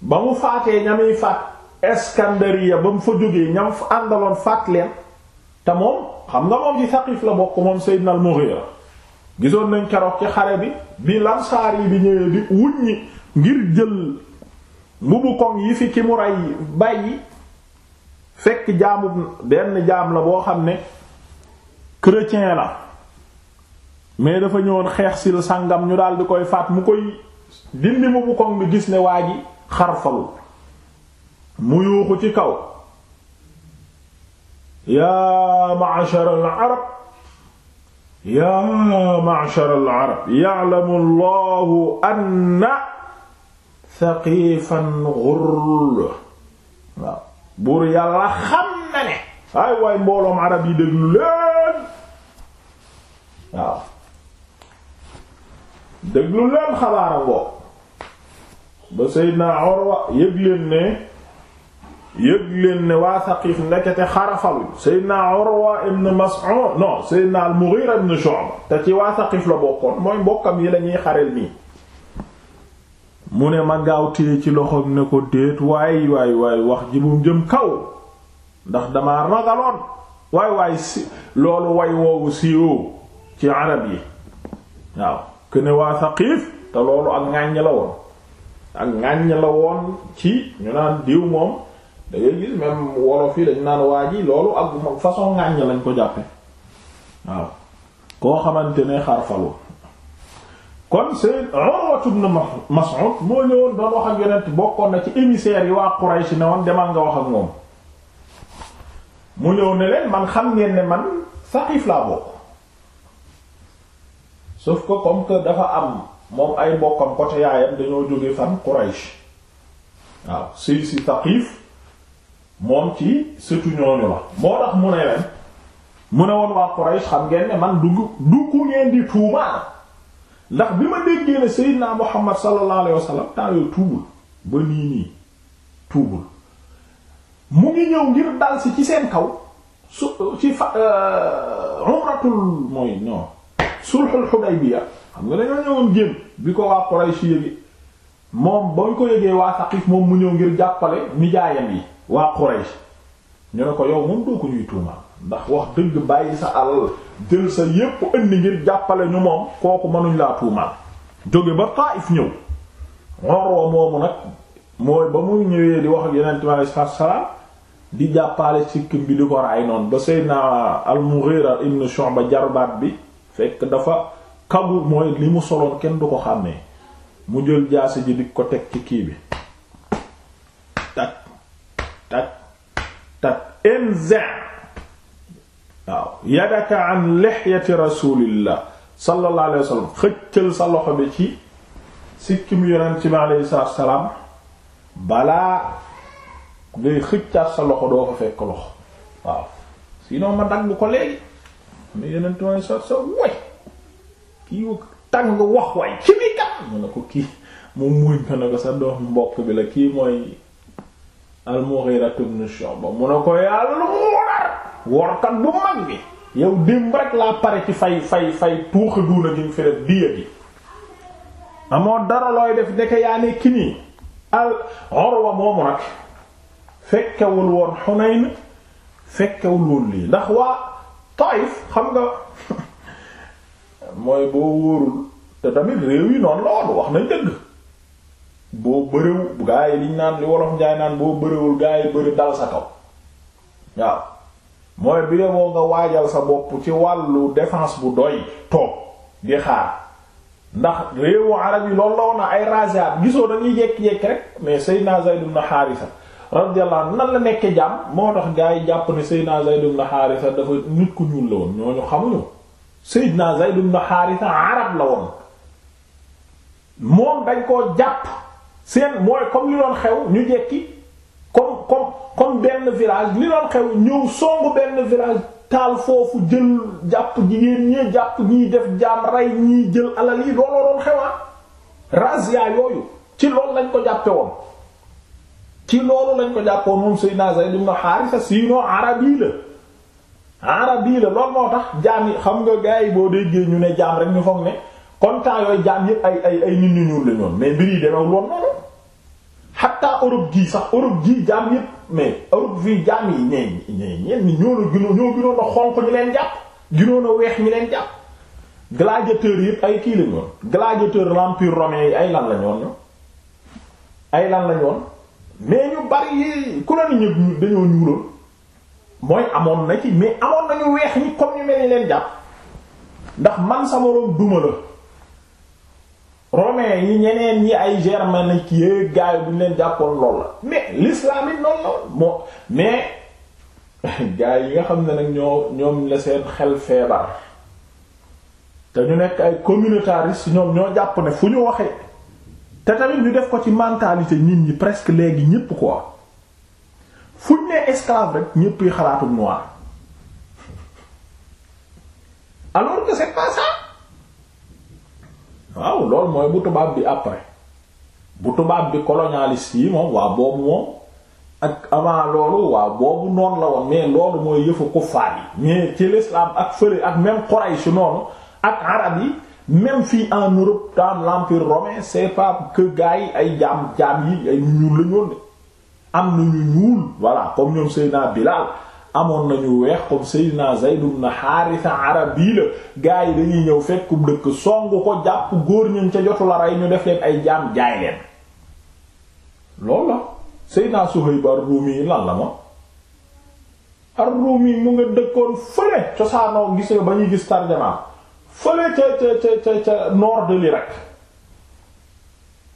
ba mu faatee ñamiy faat Iskandariya ba mu fa jógee ñam fa àndaloon faat leen te moom xam nga moom ci Saqiif la bokk moom Seydina al-Mughira gisoon nañ keroog ci xare bi bi lansaar yi bi ñëwee di wuññi ngir jël mbubu koŋ yi fi ki mu rey bàyyi fekk jaamu benn jaam la boo xam ne chrétien la mais dafa ñëwoon xeex si la sàngam ñu daal di koy faat mu koy dindi mbubu koŋ bi gis ne waa ji xarfalu mu yuuxu ci kaw yaa ma'shar al-arab yaa ma'shar al-arab ya'lamu Allahu anna thaqifan ghurr waaw buur yàlla xam na ne ay waay mbooloom arab yi déglu leen waaw déglu leen xabaara boobu ba Seydina Urwa yëg leen ne yëg leen ne waa Saqiif ndekete xarafalu Seydina Urwa ibn Mas'ud non Seydina al-Mughira ibn Shu'ba te ci waa Saqiif la bokkoon mooy mbokkam yi lañuy xareel nii mu ne ma gaaw téye ci loxoom ne ko déet waay waay wax ji jëm kaw ndax dama ragaloon waay waay si loolu way woowu siiwoo ci arab yi waaw kene waa Saqiif te loolu ak ŋàññ la woon ak ŋàññ la woon ci ñu naan diw moom da ngay gis même wolof yi dañ naan waa ji loolu ak façon ŋàññ lañ ko jàppe waaw koo xamante ne xarfalu kon Sayyid Urwa ibn Mas'ud moo ñëwoon doon wax ak yonent bokkoon na ci émissaires yi waa Quraysh ne woon demal nga wax ak moom mu ñëw ne leen man xam ngeen ne man Saqif laa bokk sauf que comme que dafa am moom ay mbokkam côté dañoo jóge fan Quraysh waaw sëy si Taqiif moom ci sëtu ñooñu la moo tax mu ne leen mu ne woon waa Quraysh xam ngeen ne man dugg duggu ngeen di tuumaana ndax bi ma déggee ne Seydina Muhammad sallallahu alayhi wasallam taawee tuubul ba nii nii tuubul mu ngi ñëw ngir dal si ci seen kaw su ci fa euh, umratul mooy non sulhul Hudaybiya xam nga dañoo ñëwoon génn bi ko waa Quraysh yéegi moom ba ko yégee waa Saqif moom mu ñëw ngir jàppale nijaayam yi waa Quraysh ñu ne ko yow moom doo ko ñuy tuumaal ndax wax dëgg bàyyi sa alal jël sa yépp indi ngir jàppale ñu moom kooku mënuñ laa tuumaal jóge ba Taif ñëw Urwa moomu nag mooy ba mu ñëwee di wax ak Yonent bi alayhi di jàppale sikkim bi di ko raay noonu ba Seydina al-Mughira ibn jarbaat bi fekk dafa kabu mooy li mu soloon kenn du ko xàmmee mu jël jaasi ji di ko teg ci kii bi tak tak tak inza waaw yadaka an lihyati rasulillah sallallahu alayhi wasallam xëccal sa loxo bi ci sikki mu yonent bi alayhi salaatu wassalaam balaa ngay xëccaat sa loxo doo fa fekk loxo waaw sinon ma dagg ko léegi mu yonent bi alayhi salaatu wassalaam way kii tàng wax waay ci mi kat mu ne ko kii mu muuñ ko ne ko sa doom mbokk bi la kii mooy al-Mughira ibn Shu'ba mu ne ko yàlla workat bu mag bi yow démb rek laa pare ci fay fay fay tuuxi duuna gi mu fi def diya gi dara looy def ndeke yaa ne ki nii al Urwa moomu nag fekkewul woon Hunayn fekkewul woon lii ndax waa Taif xam nga mooy boo wóorul te tamit réew yi noonu loolu wax nañ dëgg boo bëriw gaa yi liñ naan li wolof njaay naan boo bëriwul gaa yi bëri dal sa kaw waaw mooy bi boo nga waajal sa bopp ci wàllu défense bu doy toog di xaar ndax réewu arab yi loolu la woon ay razzia gisoo dañuy jékki-jékki rek mais Seydina Zayd ibn Haarisa radiyallahu anhu nan la nekkee jàmm moo tax gaa yi jàpp ne Seydina Zayd ibn Haarisa dafa nit ku ñuul la woon ñooñu xamuñu Seydina Zayd ibn Haarisa arab la woon moom dañ koo jàpp seen mooy comme li doon xew ñu jekki comme comme comme benn village li doon xew ñëw songu benn village taal foofu jël jàpp jigéen ñi jàpp ñiy def jaam rey ñiy jël alal yi looloo doon xewaa ah. razzia yooyu ci loolu lañ ko jàppe woon ci loolu lañ ko jàppe woon moom Seydina Zayd ibn Haarisa sinon arab yi la arab yi la lool moo tax jaam yi xam nga gars yi boo déggee ñu ne jaam rek ñu foog ne kon temps yooyu jaam yépp ay ay ay nit ñu ñuul la mais mbir yi demeewul woon noonu xatta Europe gii sax Europe gii jaam yépp mais Europe fii jaam yi ñee ñee ñeen ni ñoo la gënoon ñoo gënoon a xonq ñu leen jàpp gënoon a weex ñu leen jàpp gladiateur yépp ay kii la ñoon gladiateur l'empire romain yi ay lan la ñu ay lan la ñoon mais ñu bari ku la ni ñëpp dañoo ñuuloon mooy amoon na ci mais amoon nañu weex ñi comme ñu mel ni leen jàpp ndax man sa moroom duma la romain yi ñeneen ñi ay germanique yéeg gaay bu ñu leen jàppoon lool la mais l'islam it noonu moo mais gaay yi nga xam ne nag ñoo ñoom la seen xel feebar te nekk ay communautaristes ñoom ñoo jàpp ne fu ñu waxee te tamit ñu def ko ci mentalité nit ñi presque léegi ñépp quoi fuñ nee esclave rek ñépp yi xalaatu noir alors que c'est pas waaw loolu mooy bu tubaab bi après bu tubaab bi colonialiste yi moom waa boobu moom ak avant loolu waa boobu noonu la woon mais loolu mooy yëfu kuffaar yi mais ci l'islam ak fële ak même Quraysh noonu ak arab yi même fii en Europe dans l'empire romain c'est pas que gars ay jaam jaam yi ay ñun la am nañu ñuul voilà comme ñoom Seydina Bilal amoon nañu weex comme Seydina Zayd ibn Haritha arabi la gars yi dañuy ñëw fekkum dëkk song ko jàpp góor ñun ca jotu la rey ñu def leen ay jaam jaay leen loolu la Seydina Suhayb ar-Rumi lan la ma ar-Rumi mu nga dëkkoon fële cosaanoo gis nga ba ñuy gis tarjamaa fële ca ca ca ca ca nord de l'Irak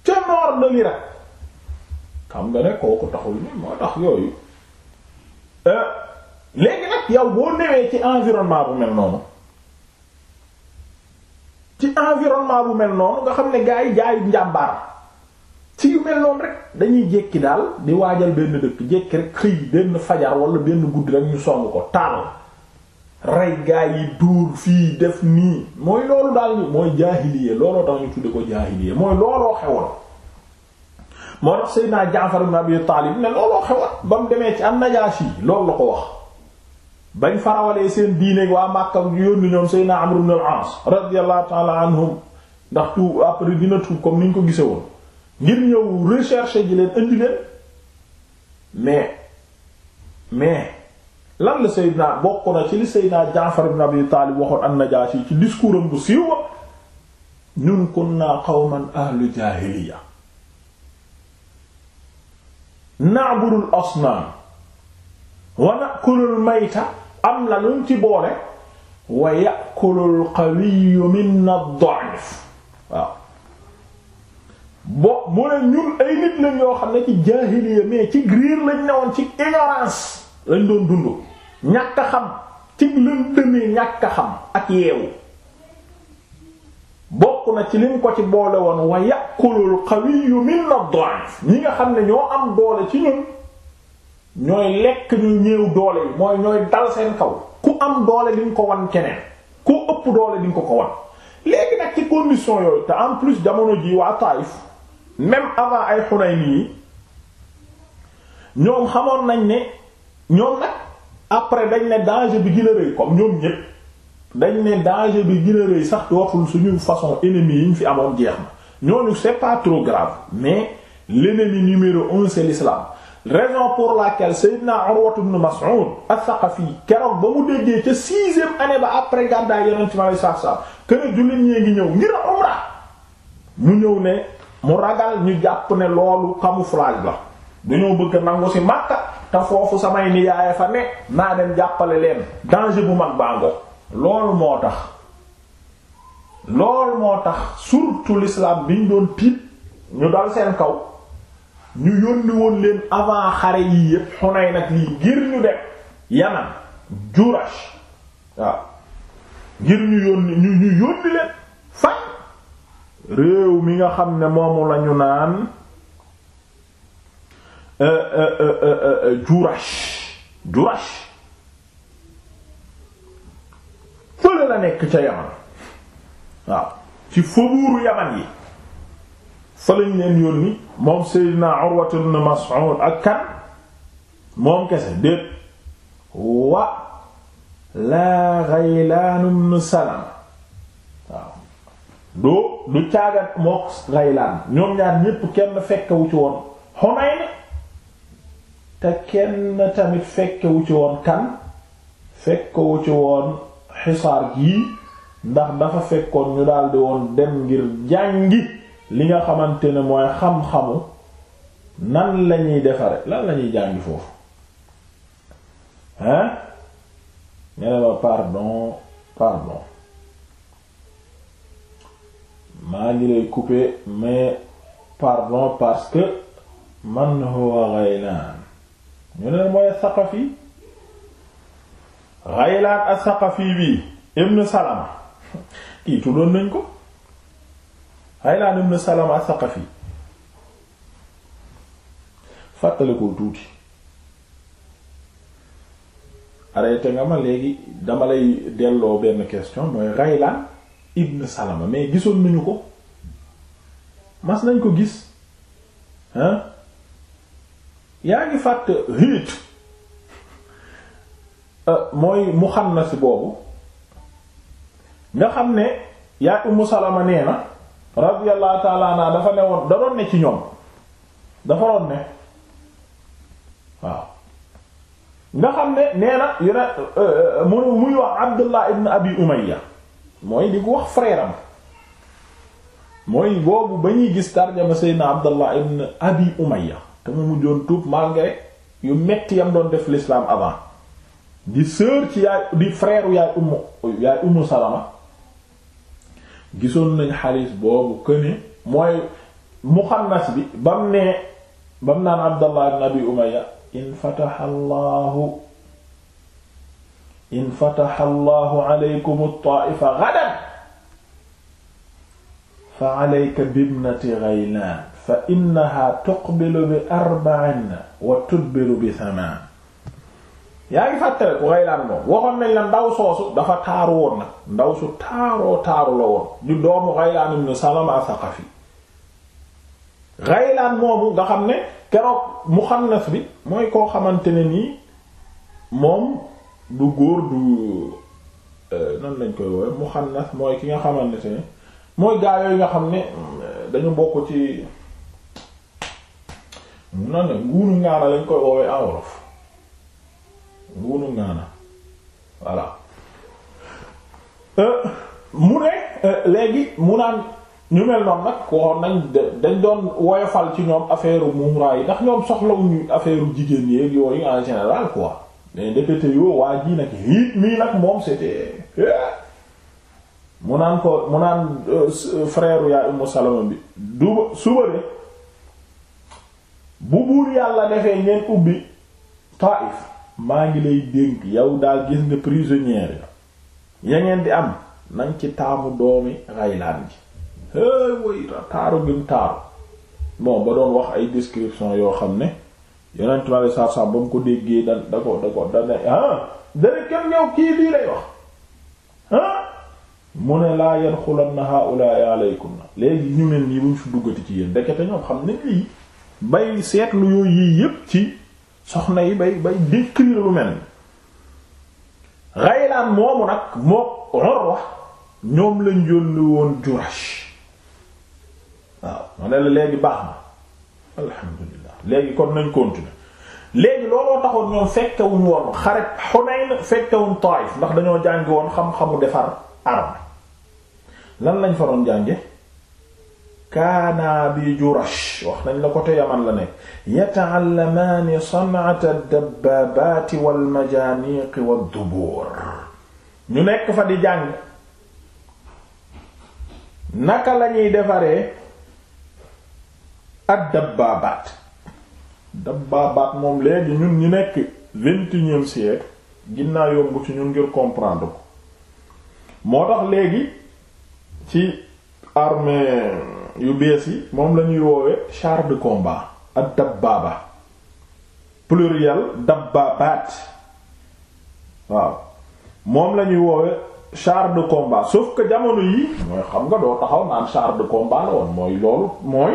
ca nord de l'Irak xam nga ne kooku taxul ni moo tax yooyu euh, léegi nag yow boo newee ci environnement bu mel noonu ci environnement bu mel noonu nga xam ne gaa yi jaay njàmbaar ci yu mel noonu rek dañuy jékki daal di waajal benn dëkk jékki rek xëy benn fajar wala benn guddi rek ñu song ko taal rey gaa yi duur fii def nii mooy loolu daal mooy jaahiliye looloo tax ñu tudde ko jaahiliye mooy looloo xewoon moo tax Seydina Jaafar ibn Abi Taalib ne looloo xewoon ba mu demee ci an-Najaashi loolu la ko wax bañ farawalee seen diine waa Makka yónni ñoom Seydina Amr ibn al-Aas radiyallahu ta'ala anhum ndax tuub après dina tuub comme ni ñu ko gise woon ngir ñëw recherche ji leen indi mais mais lan la Seydina bokk na ci li Seydina Jaafar ibn Abi Taalib waxoon an-Najaashi ci discours am bu siiw ñun kunna qawman ahlu jaahiliya na'budul asnaam wa na'kulul mayta am na lu mu ci boole wa ya'kulul qawiyyu minna ad-da'if waaw bo mu ne ñun ay nit lañ yoo xam ne ci jaahiliya mais ci griir lañ newoon ci ignorance lañ doon dund ñàkk a xam ci lëndëmee ñàkk a xam ak yeewu bokk na ci lim ko ci boole woon wa yàqulul qawiyyu min ad-da'if ñi nga xam ne ñoo am doole ci ñun ñooy lekk ñu ñéew doole yi mooy ñooy dal seen kaw ku am doole liñ ko wan keneen ku ëpp doole liñ ko ko wan léegi nag ci condition yooyu te en plus jamono ji waa Taïf même avant ay Hunayn yi ñoom xamoon nañ ne ñoom nag après dañ ne danger bi gën a rëy comme ñoom ñépp dañ ne danger bi gën a rëy sax dootul suñu façon ennemi yi ñu fi amoon jeex na ñooñu c'est pas trop grave mais l'ennemi numéro un c'est l'islam raison pour laquelle Seydina Urwa ibn Mas'ud As-Saqafi keroog ba mu déggee ca sixième année ba après gàddaay Yonent mi alayhi salaatu salaam kër jullit ñee ngi ñëw ngir umra mu ñëw ne mu ragal ñu jàpp ne loolu camouflage la dañoo bëgg nangu si Makka te foofu samay niyaay fa ne naa dem jàppale leen danger bu mag baa loolu moo tax loolu moo tax surtout l'islam biñ doon tiit ñu dal seen kaw ñu yónni woon leen avant xare yi yépp xunay nag lii ngir ñu dem yaman jurash waaw ngir ñu yónni ñu ñu yónni leen fan réew mi nga xam ne moomu lañu naan euh, euh, euh, jurash jurash fële la nekk ca yaman waaw ci faubourg yaman yi fa leen yónni moom Seydina Urwa ibn ak kan moom kese déet wa laa Ghaylaan ibn waaw doo du caagat mook Ghaylaan ñoom ñaar ñépp kenn fekkewu ci woon Hunayn te kenn tamit fekkewu ci woon kan fekkewu ci woon xisaar gii ndax dafa fekkoon ñu daldi woon dem ngir jàngi li nga xamante ne mooy xam-xamu nan lañuy defare lan lañuy jàngi foofu hein ñene ma pardon pardon maa ngi lay couper mais pardon parce que man huwa Ghaylan ñu ne mooy Saqafi Ghaylaan as-Saqafi bi ibn Salama kii tuddoon nañ ko Ghaylaan ibn Salama as-Saqafi fàttale koo tuuti arrêté nga ma léegi dama lay delloo benn question mooy Ghaylaan ibn Salama mais gisoon nañu ko mas nañ ko gis hein yaa ngi fàtt Euh, mooy muxannas boobu nga xam ne yaay Ummu Salama nee na radiyallahu ta'ala anha dafa ne woon da doon ne ci ñoom dafa doon ne waaw nga xam ne nee na yone euh, euh, mu muy wax Abdullah ibn Abi Umayya mooy di ko wax frère mooy boobu ba ñuy gis tarjama Seydina Abdullah ibn Abi Umayya te mu mujjoon tuub malgré yu metti yam doon def l'islam avant di sœur ci yaay di frère yaay ummu yaay ummu salama gisoon nañ xalis boobu këne mooy muxannas bi bam nee bam naan abdallah ibn abi umayya in fataha allahu in fataha allahu alaykum at-ta'ifa ghadan fa alayka bibnati ghaylan fa innaha tuqbilu bi arba'in wa tudbiru bi thaman yaa ngi fàttale ku Ghaylaan moom waxoon nañ la ndaw soosu dafa taaru woon nag ndaw su taaroo taaru la woon di doomu Ghaylaan ibn Salama Saqafi Ghaylaan moomu nga xam ne keroog muxannas bi mooy koo xamante ne nii moom du góor du euh, nan lañ koy woowe muxannas ki nga xamante ne mooy gaa yooyu nga xam ne euh, dañu bokk ci nan la nguuru lañ koy woowe en buunu ngaana voilà euh, mu ne euh, léegi mu naan ñu mel noonu nag waxoon nañ dañ doon woyofal ci ñoom affaire muuraay yi ndax ñoom soxlawuñu affaire jigéen yeeg yooyu en général quoi mais ndekete yoo waa ji nag hiit mii nag moom c'était euh, mu naan ko mu naan frère yaa Ummu Salama bi du suba bu buur yàlla defee ngeen ubbi Taif maa ngi lay dénk yow daal gis ne prisonnière ya ya ngeen di am nañ ci taamu doomi Ghaylaan ji hee woy taaru gim taaru bon ba doon wax ay description yoo xam ne yonent ma lay saar saar ko déggee da da ko da ko ne ah yow kii lii lay wax ah mu ne laa yadxulanna haa'ulaa'i alaykum na léegi ñu mel nii bu mu fi duggati ci yéen ndekete ñoo xam ne lii bay seetlu yooyu yii yépp ci soxna yi bay bay décrire lu mel ni Ghaylaan moomu nag mook Urwa ñoom lañ yónni woon Jurash waaw ma ne la léegi baax na alhamdulilah léegi kon nañ continuer léegi looloo taxoon ñoom fekkewuñ woon xare Hunayn fekkewuñ Taayif ndax dañoo jàngi woon xam-xamu defar arme lan lañ fa doon kaana bi Jurash wax nañ la côté Yaman la nekk yata'allamaani san'ata ad-dabbaabaati wal majaaniiqi wad-dubuur ñu nekk fa di jàng naka lañuy defaree ad-dabbaabaat dabbaabaat moom léegi ñun ñu nekk vingt et unième siècle ginnaaw yomb ci ñun ngir comprendre ko moo tax léegi ci armée yu yi moom lañuy ñuy woowee char de combat ak dabbaaba pluriel dabbaabaat waaw moom la ñuy woowee char de combat sauf que jamono yi mooy xam nga doo taxaw naan char de combat la woon mooy loolu mooy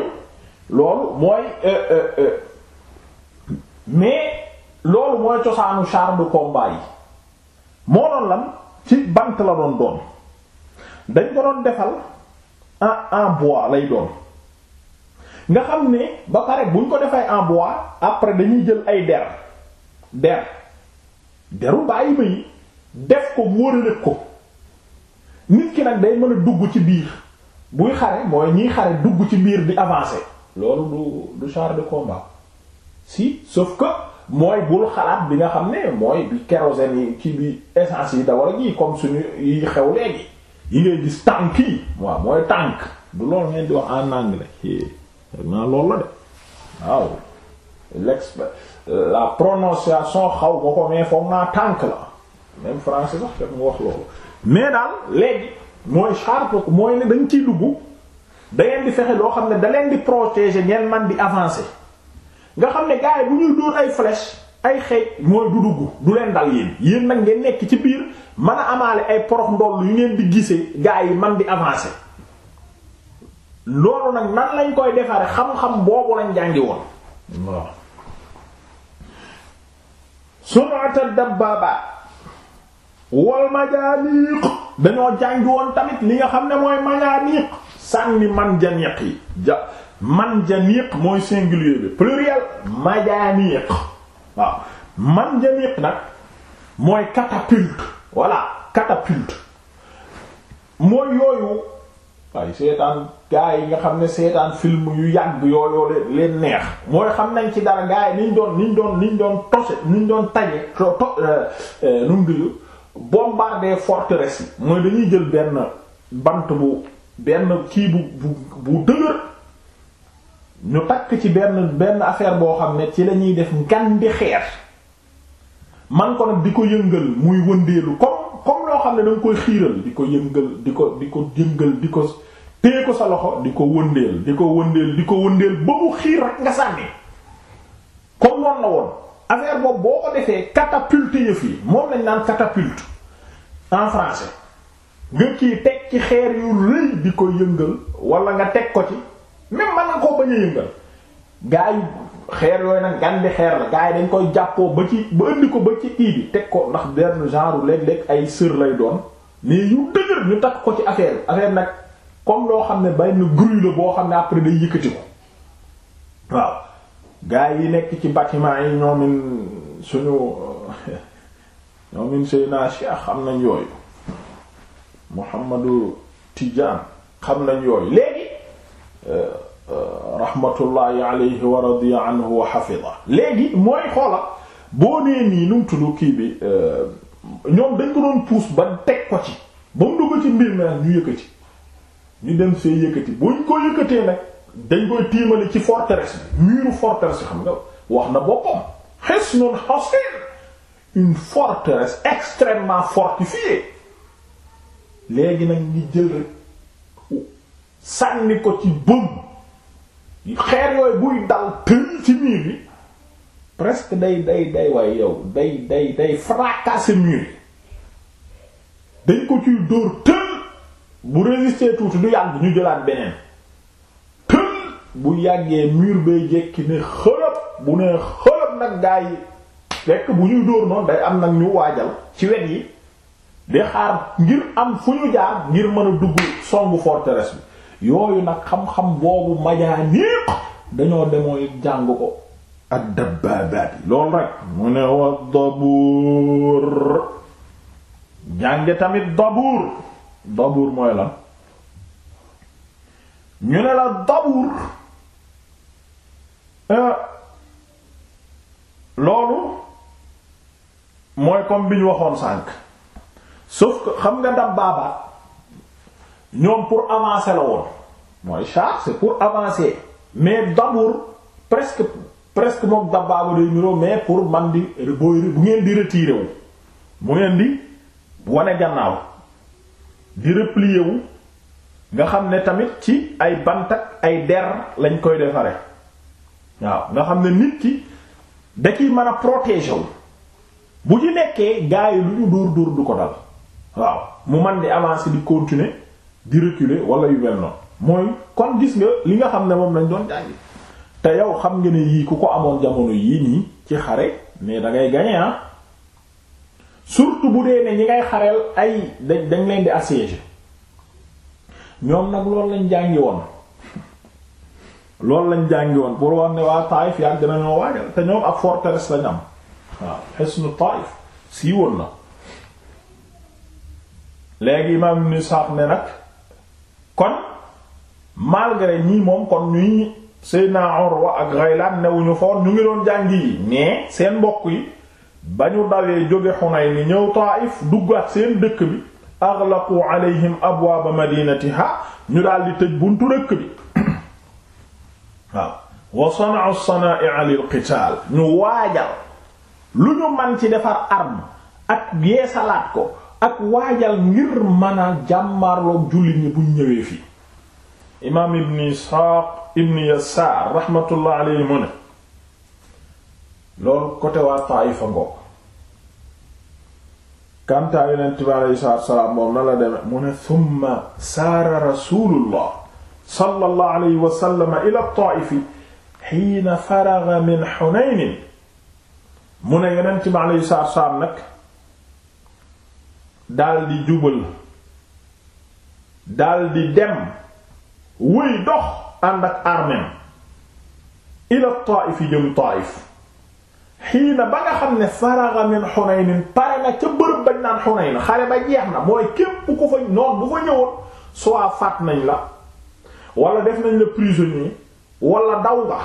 loolu mooy euh, euh, euh, mais loolu mooy cosaanu char de combat yi moo doon lan ci bant la doon doon dañ ko doon defal. en ah, en bois lay doon nga xam ne ba pare buñ ko defay en bois après dañuy jël ay der der deru bàyyi ma yi def ko wóorale ko nit ki nag day mën a dugg ci biir buy xare mooy ñiy xare dugg ci biir di avancé loolu du du char de combat si sauf que mooy bul xalaat bi nga xam ne mooy bi kérosène yi ci bi essence yi dawal gi comme suñu yi xew léegi yi ngay gis tànk yi waaw mooy tànk du loolu ngeen di wax en anglais naa loolu la de waaw l'exp euh, la prononciation xaw ko ko mais foog naa tànk la même français sax fekk mu wax loolu mais daal léegi mooy charte mooy ne dañ ciy dugg da ngeen di fexe loo xam ne daleen leen di protéger ngeen man di avancé nga xam ne gars bu ñuy du ay flèche ay xeej mooy du dugg du leen dal yéen yéen nag nga nekk ci biir man a amaale ay porox ndoll yu ngeen di gisee gaa yi man di avancer loolu nag nan lañ koy defaree xam-xam boobu lañ jàngi woon waaw sunata dabbaba wal majaaniq dañoo jàngi woon tamit li nga xam ne mooy majaaniq sànni man janiq yi ja man janiq mooy singulier bi pluriel majaaniq waaw man jamiq nag mooy catapulte voilà catapulte mooy yooyu waaye seetaan gaa yi nga xam ne seetaan film yu yàgg yooyu leen neex mooy xam nañ ci dara gaa yi niñ doon niñ doon niñ doon tose niñ doon taje to- to- euh, euh, numbilu bombarder forteresse yi mooy dañuy jël benn bant bu benn kii bu bu bu dëgër ñu takk ci benn benn affaire boo xam ne ci lañuy ñuy def ngandi xeer man ko nag di ko yëngal muy wëndeelu comme comme loo xam ne dañ nga koy xiiral di ko yëngal di ko di ko yëngal di ko téye ko sa loxo di ko wëndeel di ko wëndeel di ko wëndeel ba mu xiir rek nga sànni comme noonu la woon affaire boobu boo ko defee catapulte yëf yi moom lañ naan catapulte en français nga kii teg ci xeer yu rëy di ko yëngal wala nga teg ko ci même mën na koo bañ a yëngal gaa yi xeer yooyu nag gan xeer la gaa dañ koy jàppoo ba ci ba indi ko ba ci kii bi teg ko ndax benn genre léeg-léeg ay sër lay doon mais yu dëgër ñu takk ko ci affaire affaire nag comme loo xam ne benn grue la boo xam ne après day yëkkati ko waaw gaa yi nekk ci bâtiment yi ñoomin suñu ñoomin Seyna Cheikh xam nañ yooyu Muhammadu Tidiane xam nañ yooyu rahmatullahi alayhi wa radiya anhu wa xafida léegi mooy xoola boo nee nii nu mu tudd kii bi euh, ñoom dañ ko doon puus ba teg ko ci ba mu dugg ci mbir mi ñu yëkkati ñu dem see yëkkati ñu ko yëkkatee nag dañ koy tiimali ci forteresse bi muru forteresse bi xam nga wax na boppam hisnun hasir une forteresse extrêmement fortifiée léegi nag ñu jël rek sànni ko ci bëm xeer yooyu buy dal tëy ci miir yi presque day day day waaye yow day day day fracasser yi dañ ko ciy dóor tël bu résister tuuti du yàgg ñu jëlaat beneen tël bu yàggee mur bay jekki ne xërëb bu ne xërëb nag gaa yi rekk bu ñuy dóor noonu day am nag ñu waajal ci wet yi di xaar ngir am fu ñu jaar ngir mën a dugg songu forteresse bi yooyu nag xam-xam boobu majaaniq dañoo demooy jàng ko ad-dabbabaat yi loolu rek mu ne wa dabuur jànge tamit dabuur dabuur mooy lan ñu ne la dabuur euh, loolu mooy comme waxoon sànq sauf que xam nga dabbaaba ñoom pour avancer la woon mooy char c'est pour avancer mais dabour presque presque moom dabbaaba day niroo mais pour man di booy bu ngeen di retirer wu bu ngeen di wane gannaaw di replier wu nga xam ne tamit ci ay bant ak ay der lañ koy defare waaw nga xam ne nit ki da ciy mën a protéger bu ci nekkee gars yi lu ñu dóor dóor du ko dal waaw mu man di avancer di continuer di reculer wala yu mel noonu mooy kon gis nga li nga xam ne moom lañ doon jàngi te yow xam nga ne yii ku ko amoon jamono yii nii ci xare mais da ngay gagner ah. surtout bu dee ne ñi ngay xareel ay dañ dañ leen di assiéger ñoom nag loolu lañ jàngi woon loolu lañ jàngi woon pour wax ne waa Taïf yàgg na ñoo waajal te ñoom ak forteresse lañ am waaw xisnu Taïf sii woon na léegi imaam Ibn Sa'd ne nag kon malgré ñii moom kon ñuy Seydina Urwa ak Ghaylan newuñu foon ñu ngi doon jàngi yi mais seen mbokk yi ba ñu dawee jóge Hunayn ni ñëw Taif duggaat seen dëkk bi aghlaqu alayhim abwaaba madinatiha ñu daal di tëj buntu dëkk bi waaw wa sana'u sanaa'i'a lil qitaal ñu waajal lu ñu man ci defar arme ak yeesalaat ko ak waajal ngir mën a jàmmarloog jullit ñi buñ ñëwee fii imaam ibn isxaaq ibn yasaar raxmatullah alayhi mu ne loolu côté waa Taaifa ngoo kantaa yonent bi alayhi salaatu wasalaam moom na la deme mu ne thumma saara rasulullah sallallahu alayhi wa sallam ila taifi xiina faraga min xunaynin mu ne yonent bi alayhi salaatu wasalaam nag daldi jubal daldi dem wëy dox ànd ak armem ila Taif jëm Taif xiina ba nga xam ne faraga min Hunayn pare na ca bërëb bañ naan Hunayn xare ba jeex na mooy képp ku fa noon bu fa ñëwoon soit faat nañ la wala def nañ la prisonnier wala daw nga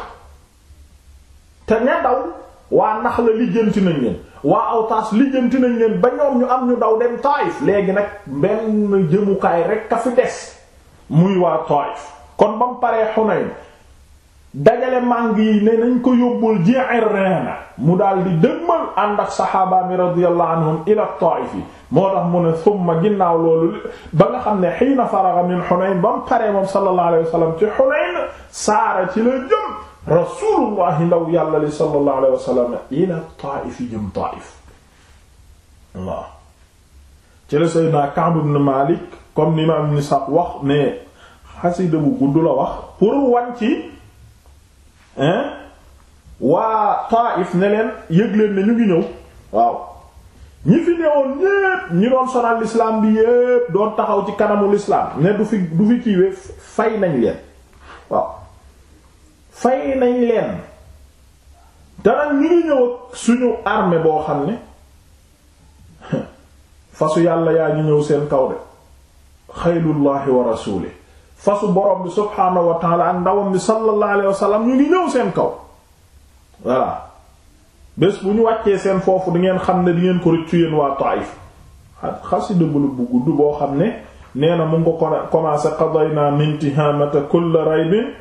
te ña daw waa nax la lijjanti nañ leen waa Awtaas lijjanti nañ leen ba ñoom ñu am ñu daw dem Taif léegi nag benn jëmukaay rek ka fi des muy waa Taif kon ba mu paree Hunayn dajale màng yi ne nañ ko yóbbul Ji'irraana mu daal di dëgmal ànd ak saxaaba mi radiyallahu anhum ila Taif moo tax mu ne summa ginnaaw loolu ba nga xam ne hiina faraga min Hunayn ba mu paree moom sallallahu alayhi ci Hunayn saara ci la jëm rasulullah ndaw yàlla li sallallahu ila Taif yi jëm ci la Sayyidina Ka'b ibn Malik comme ni imaam ni sax wax ne xasida bu gudd la wax pour wan ci waa Taif ne leen yëg ne ñu ngi ñëw waaw ñi fi newoon ñépp ñi doon sonal l'islam bi yépp doon taxaw ci kanamu l'islam ne du fi du fi kiiwee fay nañ leen waaw fay nañ leen dara ñu ngi ñëw ak suñu armée boo xam ne fasu yàlla yaa ñu ñëw seen kaw de xaylullahi wa rasuulihi fasu borom bi subhaanahu wa taala ak ndawam bi sallallahu wa sallam ñu ngi ñëw seen kaw voilà bés bu ñu wàccee seen foofu di ngeen xam ne di ngeen ko rëccu yéen waa Taayif xasida bu gudd boo xam ne nee na mu ngi ko commencé qadayna mintihamata kull raybin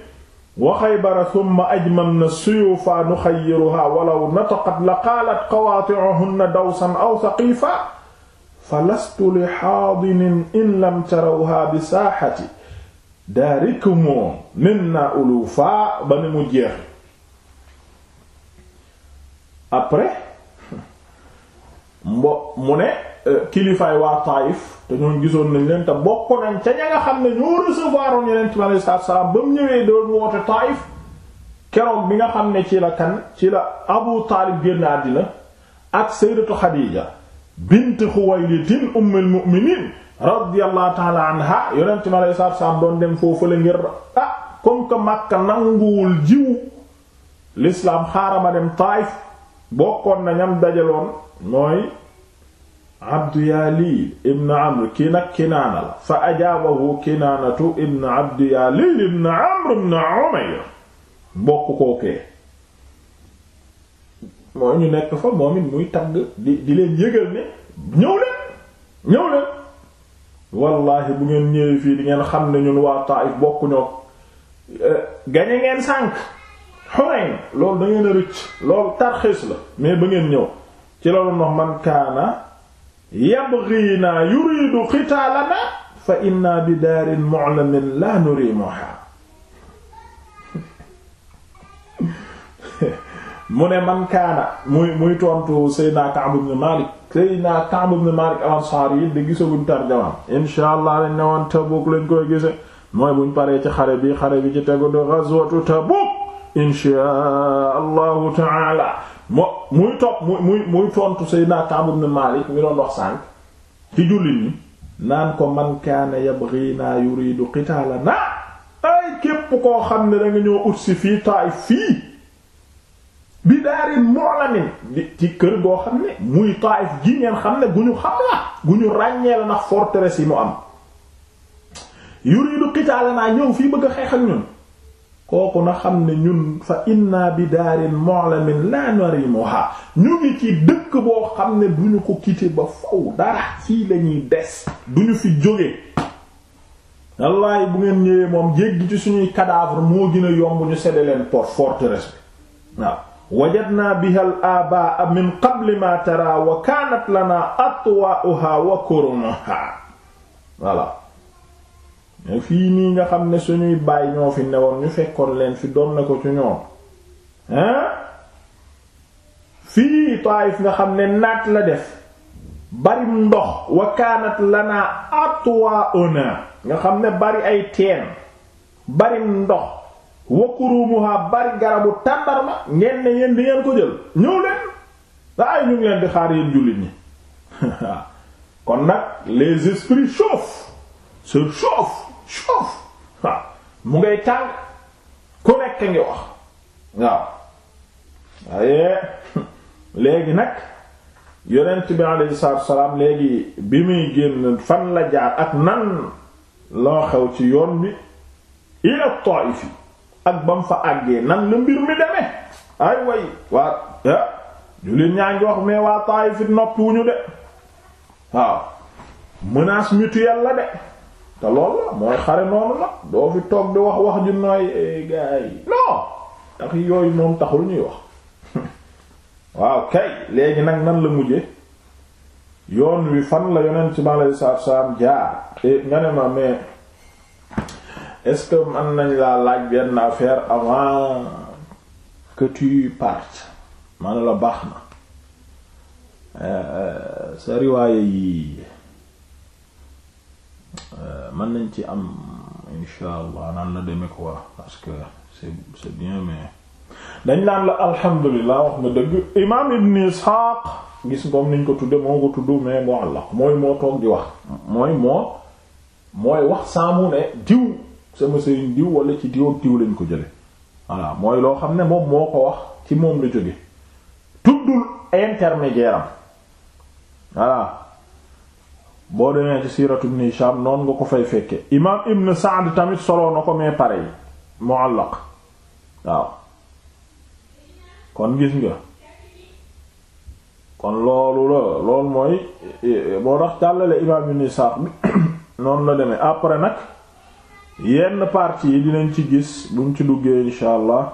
wa xaybara thumma ajmamna suyufa nuxayyiruha walaw nataqat la qaalat qawaati'uhunna dawsan aw saqifa fa lastu li xaadinin in lam tarawha bi saaxati daarikumoo minna ulufaa ba ni mu jeex après mbo mu ne euh, kilifaay waa Taayif te ñoon gisoon nañ leen te bokk nañ ca ña xam ne ñoo recevoiroon yeneen ci alayhi salaam ba mu ñëwee doon woote Taayif keroog bi nga xam ne ci la kan ci la Abu Taalib génn àddina ak Sayyidatu Xadiija bint Xuwaylid ummul mu'minin radiyallahu taala anha yonent mi alayhi salaatu salaam doon dem foofu la ngir ah comme que Makka nanguwul jiw l'islam xaaral dem Taayif bokkoon na ñam dajaloon mooy Abdu Yaliil ibn Amr kii nag Kinaana fa ajaabahu Kinaanatu ibn Abdu Yaliil ibn Amr ibn Umayr bokk kookee mooy ñu nekk fa moom it muy tagg di di leen yëgal ne ñëw leen ñëw leen wallaahi bu ngeen ñëwee fii di ngeen xam ne ñun waa Taif bokku ñoo eh, gañe ngeen sànk Hunayn loolu da ngeen a rëcc loolu tarxiis la mais ba ngeen ñëw ci loolu nox man kaana yabghina yuridu qitaalana fa inna bi daarin mu'lamin la nurimuha mu ne man kaana muy muy tontu Seydina Ka'b Malik Seydina Ka'b ibn Malik al-Ansari yi de gisaguñ tarjamaam insha allah lañ ne woon Tabuk lañ koy gise mooy buñ paree ci xare bi xare bi ci tegu du ghazwatu Tabuk insha allahu taala moo muy topp muy muy muy tontu Malik mi doon wax sànk ci naan ko man kaana yabghina yuridu qitaalana ay képp koo xam ne danga ñoo ut si fii Taif fii bi daarin mu'lamin ci kër goo xam ne muy Taayif gi ngeen xam ne gu ñu xam la gu ñu ràññee la ndax yi mu am yuridu naa ñëw fii bëgg xeex ak ñun kooku na xam ne ñun fa inna bi daarin mu'lamin la narimuha ñu ngi ci dëkk boo xam ne du ko quitté ba faw dara fii lañuy des duñu ñu fi jóge wallaay bu ngeen ñëwee moom jéggi ci suñuy kadaafar moo gën yomb ñu sedde leen port bi waaw wajadna biha al abaa min qabli ma tara wa kaanat lana atwaa'uha wa kurumuha voilà mais fii nii nga xam ne suñuy baay ñoo fi newoon ñu fekkoon leen fi doon na ko ci ñoom hein fii Taayif nga xam ne naat la def bari ndox wa kaanat lana atwaa'una nga xam ne bari ay teen bari ndox wa qurumuha bari garabu tàndarma ngeen ne yéen di ngeen ko jël ñëw leen daay ñu ngi leen di xaar yéen jullit ñi kon nag les esprits chauffent se chauffent chauffent mu ngay tàng ku nekk ngi wax waaw waaye léegi nag yonent bi alayhi salaatu léegi bi muy génn fan la jaar ak nan loo xew ci yoon bi ila Taif ak ba mu fa àggee nan la mbir mi demee ay way waa ah jullit ñaa ngi wax mais waa Taayif it noppiwuñu de waaw menace mutuelle la de te loolu la mooy xare noonu la doo fi toog di wax wax ju nooy eh, gars tax yooyu moom taxul ñuy wax waaw kay léegi nag nan la mujje yoon wi fan la yonent ci ma lay saab jaar eh, nga ne ma mais est-ce que mën nañ laa laaj benn affaire avant que tu partes ma la baax na euh, sa riwaaye yi euh, mën nañ ci am insha allah naan la demee ko wax parce que c'est bien mais dañ naan la alhamdulilah wax nga dëgg imaam Ibn Ishaq gis ngoom niñ ko tudde moo ko tudd mais moo allah mooy moo toog di wax mooy moo mooy wax saamu ne diw sama sëriñ diw wala ci diw ak diw lañ ko jële voilà mooy loo xam ne moom moo ko wax ci moom la jóge tuddul intermédiaire am boo demee ci siiratu Ibn Hisham noonu nga ko fay fekke imaam Ibn Sa'd tamit soloo na ko mais pare yi mu'allaq waaw kon gis nga kon loolu la loolu mooy boo eh, eh, tax jàllale imaam Ibn Sa'd bi noonu la demee après nag yenn partie yi dinañ ci gis buñ ci duggee incha allah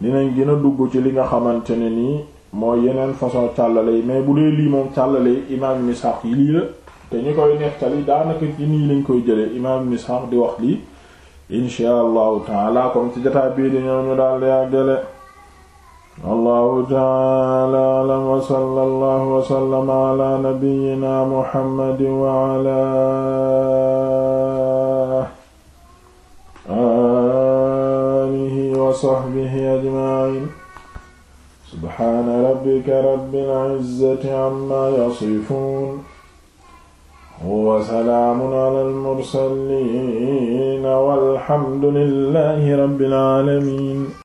dinañ gën a dugg ci li nga xamante ne nii moo yeneen façon càllale yi mais bu dee lii moom càllale yi imaam ibn yi lii la te ñu koy nettali daanaka ci nii lañ koy jëlee imaam ibn Ishaq di wax lii incha allahu taala comme ci jotaay bii di ñu daal di àggale wallahu taala alam wa sallallahu wa sallama ala nabiyyina muhammadin wa wa sahbihi ajma'in subhaana rabbika rabbil izzati amma yasifuun wa salaamun alal mursaliin walhamdu lillaahi rabbil aalamiin